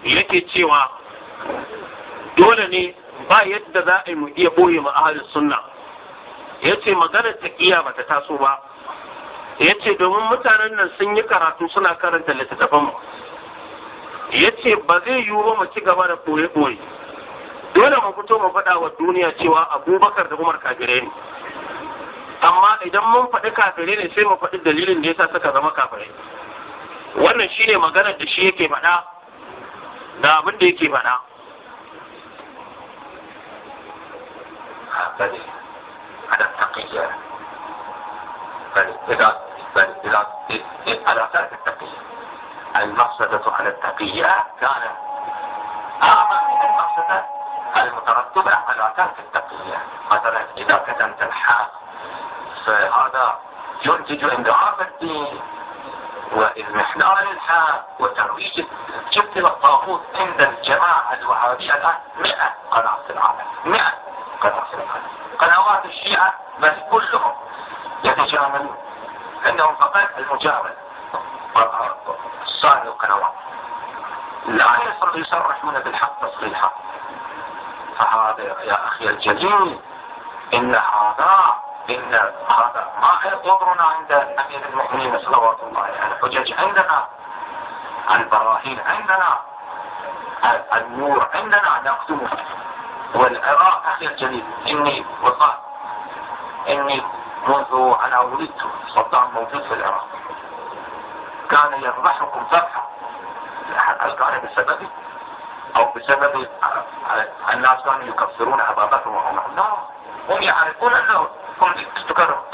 S1: yake cewa dole ne ba yadda za a yi mu iya ɓoye ma ahalin sunna ya ce maganar ta iya ba ta taso ba ya ce domin mutanen nan sun yi karatu suna karanta littattafan mu ya ce ba zai yiwu ba mu ci gaba da ɓoye-ɓoye dole mu fito mu faɗa wa duniya cewa abubakar da umar kafire ne amma idan mun faɗi kafire ne sai mu faɗi dalilin da ya suka zama kafire wannan shine maganar da shi yake faɗa da abin da yake faɗa بل على التقية بل المفسدة على التقية كانت
S2: أعظم من المفسدة
S1: المترتبة على ترك التقية مثلا
S3: إذا كتمت الحق فهذا ينتج انضعاف الدين واضمحلال الحال وترويج جبت الطاغوت عند الجماعة الوهابية الآن 100 قناة في العالم 100 قناة في العالم
S1: قنوات الشيعة بس كلهم يتجاملون عندهم فقط المجاملة الصائم والقنوات لا
S3: يصرحون بالحق تصريحا فهذا يا أخي الجليل إن هذا إن هذا ما قدرنا عند أمير المؤمنين صلوات الله عليه يعني الحجج عندنا البراهين عندنا النور عندنا نقدمه والعراق أخي الجليل إني والله
S1: إني منذ أنا ولدت صدام موجود في العراق كان يفضحكم ذبحا هل كان بسببه او بسبب الناس كانوا يكفرون ابا بكر وعمر لا هم يعرفون انهم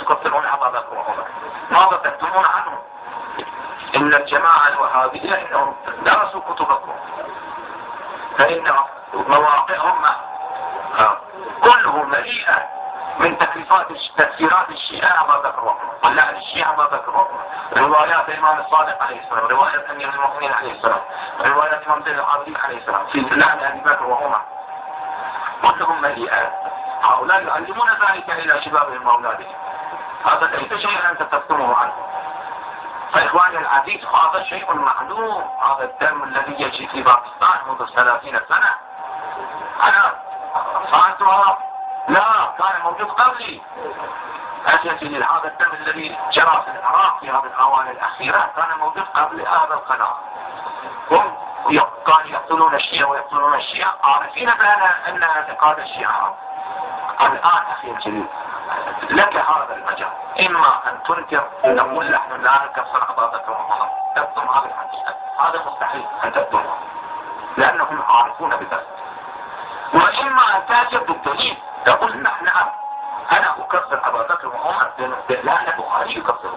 S1: تكفرون ابا بكر وعمر ماذا تكتمون عنه ان الجماعه الوهابيه انهم درسوا كتبكم فان مواقعهم آه، كله مليئه من تكليفات تفسيرات الشيعة أبا بكر وعمر ولا الشيعة أبا بكر وعمر روايات الإمام الصادق عليه السلام روايات أمير المؤمنين عليه السلام روايات الإمام زين العابدين عليه السلام في لعن أبي بكر وعمر كلهم مليئات هؤلاء يعلمون ذلك إلى شبابهم وأولادهم هذا ليس شيئا أنت تكتمه عنه فإخواني العزيز هذا شيء معلوم هذا الدم الذي يجري في باكستان منذ
S3: ثلاثين سنة
S1: أنا فأنتم لا كان موجود قبلي أساسي لهذا الدم الذي جرى في العراق في هذه الأوان
S3: الأخيرة كان موجود قبل هذا القناة هم كانوا يقتلون الشيعة ويقتلون الشيعة عارفين بأن أن اعتقاد الشيعة الآن
S2: أخي الجليل
S1: لك هذا المجال إما أن تنكر نقول نحن لا ننكر سنقضاتك رمضان تبطن هذه الحقيقة هذا مستحيل أن تبطنها لأنهم عارفون بذلك وإما أن تأتي بالدليل لقلنا نعم بكر وعمر بكر وعمر تكفر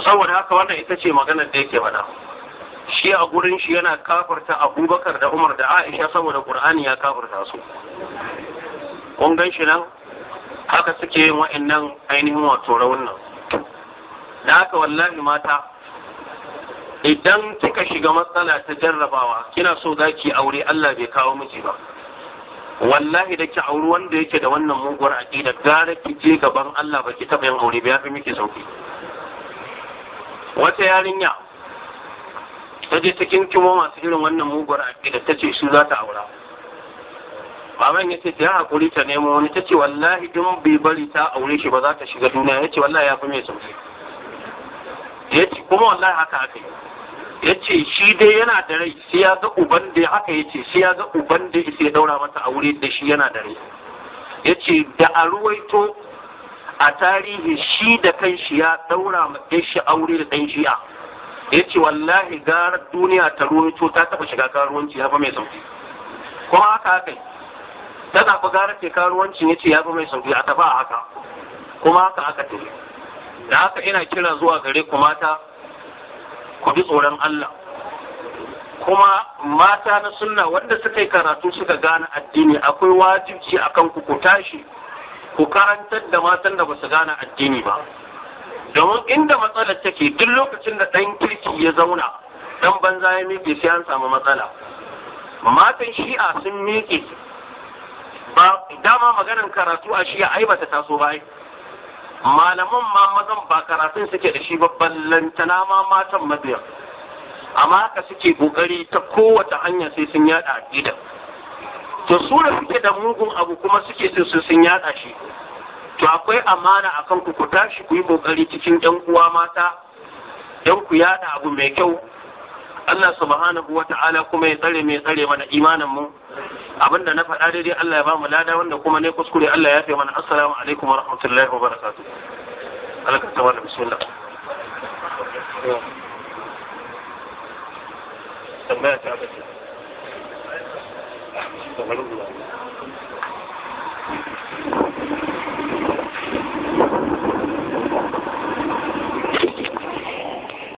S1: saboda haka wannan ita ce maganar da yake bada shi a gurin shi yana kafarta abubakar da umar da aisha saboda qur'ani ya kafarta su kun gan shi nan haka suke yin wa'annan ainihin wato raunin nan da haka wallahi mata idan kika shiga matsala ta jarrabawa kina so za ki aure Allah bai kawo miki ba wallahi da ki auri wanda yake da wannan muguwar aqida gara ki je gaban Allah ba ki taba yin aure ba fi miki sauki wata yarinya ta je ta kinkimo masu irin wannan muguwar aqida ta ce su za ta aura baban ya ce ta hakuri ta nemo wani ta ce wallahi duk bai bari ta aure shi ba za ta shiga duniya ya ce wallahi fi mai sauki ya ce kuma wallahi haka haka yi ya ce shi dai yana da rai sai ya ga uban da haka ya ce sai ya ga uban da ya daura mata aure da shi yana da rai ya ce da a ruwaito a tarihi shi da kan shi ya daura ma shi aure da ɗan shi'a ya ce wallahi gara duniya ta ruwaito ta taɓa shiga karuwanci ya fi mai sauki kuma haka haka ta tafi gara ce karuwanci ya ce ya fi mai sauki a tafi a haka kuma haka haka tafi da haka ina kira zuwa gare ku mata ku bi tsoron Allah kuma mata na sunna wanda suka yi karatu suka gane addini akwai wajibci akan ku ku tashi ku karantar da matan da ba su gane addini ba domin inda matsalar take duk lokacin da ɗan kirki ya zauna ɗan banza ya miƙe sai an samu matsala matan shi'a sun miƙe ba dama maganar karatu a shi'a ai bata taso ba malaman ma mazan ba karatun suke da shi ba ballantana ma matan mabiya amma haka suke kokari ta kowace hanya sai sun yada gidan to su da suke da mugun abu kuma suke su sun yada shi to akwai amana akan ku ku tashi ku yi kokari cikin yan uwa mata Yanku ku yada abu mai kyau Allah subhanahu wa ta'ala kuma ya tsare mai tsare mana imanin mu da na faɗa daidai Allah ya ba mu lada wanda kuma ne kuskure Allah ya fi mana assalamu alaikum wa rahmatullahi wa barakatu. Allah ka tsawa da bismillah tambaya
S2: ta bace